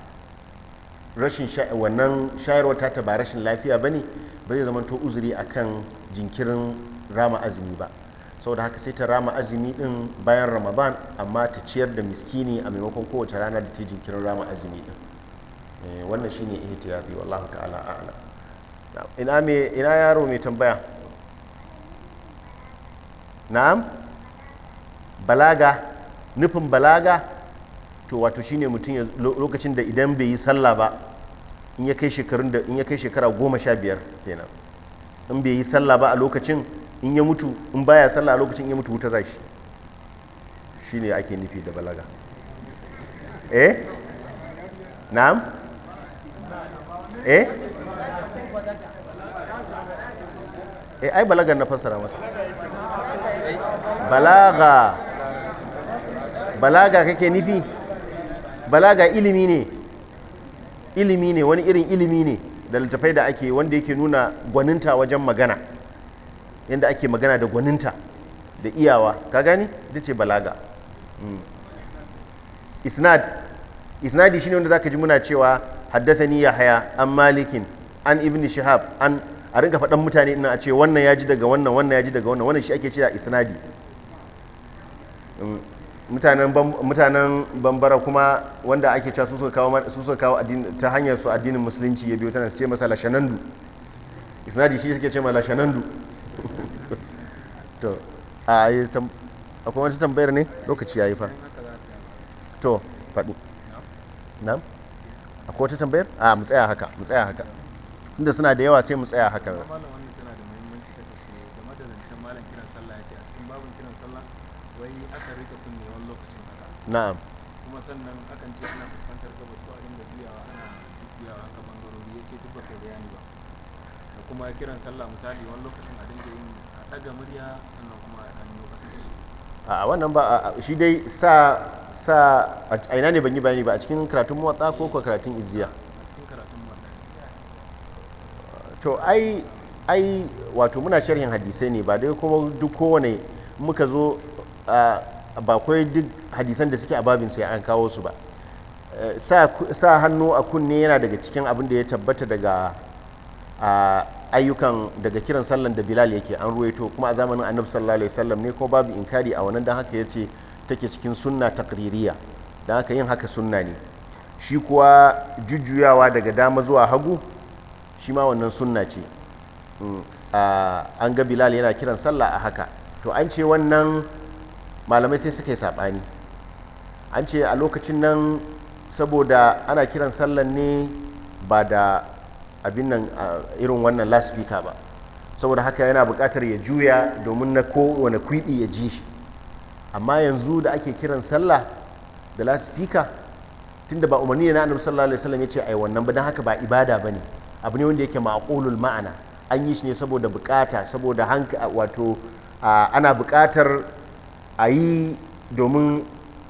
rashin shayarwa ta ta ba rashin lafiya bane ba zai zama to uzuri akan jinkirin rama azumi ba saboda haka sai ta rama azumi din bayan ramadan amma ta ciyar da miskini a maimakon kowace rana da ta jinkirin rama azumi din eh, wannan shine ihtiyafi wallahu ta'ala ala ina ina yaro mai tambaya na'am balaga nufin balaga to wato shine mutum lokacin da idan bai yi sallah ba in ya kai shekara goma sha biyar kenan in bai yi sallah ba a lokacin in ya mutu in baya sallah a lokacin in ya mutu wuta za shi ne ake nufi da balaga eh na'am eh eh ai balagar na fassara masa balaga balaga kake nufi balaga ilimi ne ilimi ne wani irin ilimi ne da littafai da ake wanda yake nuna gwaninta wajen magana yadda ake magana da gwaninta da iyawa ka gani da ce balaga mm. isnad isnadi shine wanda zaka ji muna cewa haddathani haya an malikin an ibn shihab an a rinka faɗan mutane ina a ce wannan ya ji daga wannan wannan ya ji daga wannan wannan shi ake cewa isnadi mm. mutanen bambara kuma wanda ake cewa su suka kawo ta hanyar su addinin musulunci ya biyo tana su ce masa lashanandu isnadi shi suke ce ma lashanandu to a yi akwai wata tambayar ne lokaci ya yi fa to faɗi na akwai wata tambayar a mu tsaya haka mu tsaya haka inda suna da yawa sai mu tsaya haka na'am kuma sannan akan ce ana fuskantar gabas ko a da juyawa ana juyawa haka bangaro ya ce duk ba bayani ba da kuma kiran sallah misali wani lokacin a dinga yin a ɗaga murya sannan kuma a ɗan lokacin a wannan ba shi dai sa sa a ina ne ban yi bayani ba a cikin karatun motsa ko ko karatun izziya to ai ai wato muna sharhin hadisai ne ba dai kuma duk kowane muka zo a ba kai duk hadisan da suke a babin sai an kawo su ba sa hannu a kunne yana daga cikin abin da ya tabbata daga ayyukan daga kiran sallan da bilal yake an ruwaito kuma a zamanin annabi sallallahu alaihi wasallam ne ko babu inkari a wannan dan haka yace take cikin sunna takririya dan haka yin haka sunna ne shi kuwa jujjuyawa daga dama zuwa hagu shi ma wannan sunna ce mm, an ga bilal yana kiran sallah a haka to an ce wannan malamai sai suka yi saɓani an ce a lokacin nan saboda ana kiran sallan ne ba da abin nan irin wannan speaker ba saboda haka yana buƙatar ya juya domin na kowane kwiɓi ya ji shi amma yanzu da ake kiran sallah da tun tunda ba umarni ne na annabi sallallahu alaihi wasallam ya ce ai wannan ba don haka ba ibada ba ne abu ne wanda yake ma'aqulul ma'ana an yi shi ne saboda buƙata saboda hanka wato ana buƙatar. a yi domin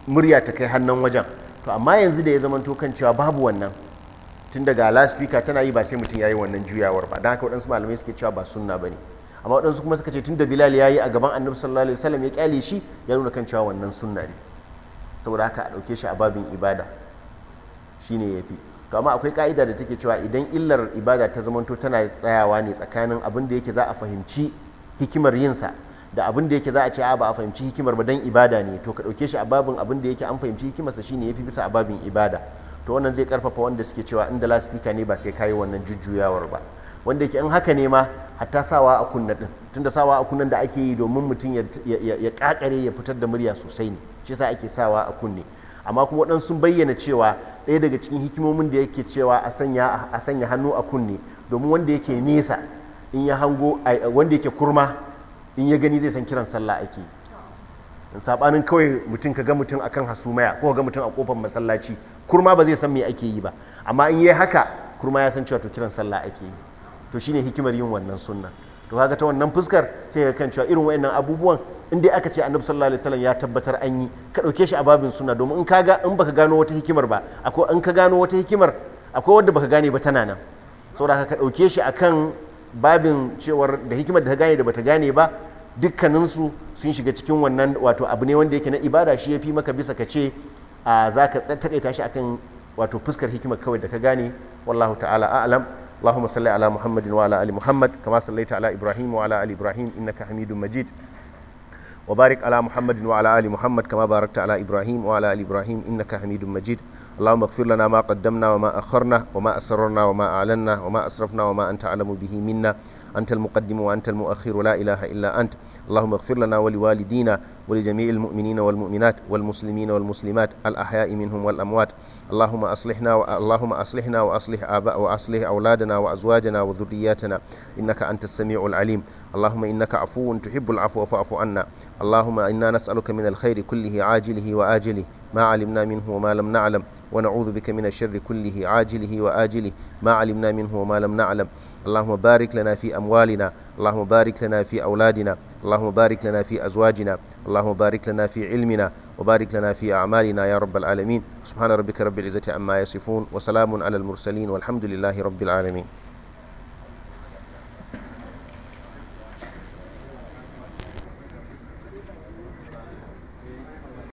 murya ta kai hannun wajen to amma yanzu da ya zama kan cewa babu wannan tun daga laspika tana yi ba sai mutum ya yi wannan juyawar ba don haka waɗansu malamai suke cewa ba sunna ba ne amma waɗansu kuma suka ce tun da bilal ya yi a gaban annabi sallallahu alaihi wasallam ya kyale shi ya nuna kan cewa wannan sunna ne saboda haka a ɗauke shi a babin ibada shine ya fi to amma akwai ka'ida da take cewa idan illar ibada ta zamanto tana tsayawa ne tsakanin abin da yake za a fahimci hikimar yinsa da abin da yake za a ce a ba a fahimci hikimar ba dan ibada ne to ka ɗauke shi a babin abin da yake an fahimci hikimar sa shine yafi bisa a babin ibada to wannan zai karfafa wanda suke cewa inda last speaker ne ba sai kai wannan jujjuyawar ba wanda yake in haka ne ma hatta sawa a kunna din tunda sawa a kunnan da ake yi domin mutum ya kakare ya fitar da murya sosai ne shi yasa ake sawa a kunne amma kuma waɗansu sun bayyana cewa ɗaya daga cikin hikimomin da yake cewa a sanya hannu a kunne domin wanda yake nesa in ya hango wanda yake kurma in ya gani zai san kiran sallah ake yi sabanin kawai mutum ka ga mutum akan hasumaya ko ga mutum a kofar masallaci kurma ba zai san me ake yi ba amma in yi haka kurma ya san cewa to kiran sallah ake yi to shine hikimar yin wannan sunna to kaga ta wannan fuskar sai ka kan cewa irin wayannan abubuwan in dai aka ce annabi sallallahu alaihi wasallam ya tabbatar an yi ka dauke shi a babin sunna domin in kaga in baka gano wata hikimar ba akwai in ka gano wata hikimar akwai wanda baka gane ba tana nan saboda ka dauke shi akan babin cewar da hikimar da ta gane da bata gane ba dukkaninsu sun shiga cikin wannan wato abu ne wanda yake na ibada shi ya fi maka bisa ka ce a za ka takaita shi akan wato fuskar hikimar kawai da ka gane wallahu ta'ala a'lam اللهم صل على محمد وعلى ال محمد كما صليت على ابراهيم وعلى ال ابراهيم انك حميد مجيد وبارك على محمد وعلى ال محمد كما باركت على ابراهيم وعلى ال ابراهيم انك حميد مجيد اللهم اغفر لنا ما قدمنا وما أخرنا وما أسررنا وما أعلنا وما أسرفنا وما أنت أعلم به منا أنت المقدم وأنت المؤخر لا إله إلا أنت اللهم اغفر لنا ولوالدينا ولجميع المؤمنين والمؤمنات والمسلمين والمسلمات الأحياء منهم والأموات اللهم أصلحنا و... اللهم أصلحنا وأصلح آباء وأصلح أولادنا وأزواجنا وذرياتنا إنك أنت السميع العليم اللهم إنك عفو تحب العفو فاعف عنا اللهم إنا نسألك من الخير كله عاجله وآجله ما علمنا منه وما لم نعلم ونعوذ بك من الشر كله عاجله وآجله ما علمنا منه وما لم نعلم اللهم بارك لنا في أموالنا اللهم بارك لنا في أولادنا اللهم بارك لنا في أزواجنا اللهم بارك لنا في علمنا وبارك لنا في أعمالنا يا رب العالمين سبحان ربك رب العزة عما يصفون وسلام على المرسلين والحمد لله رب العالمين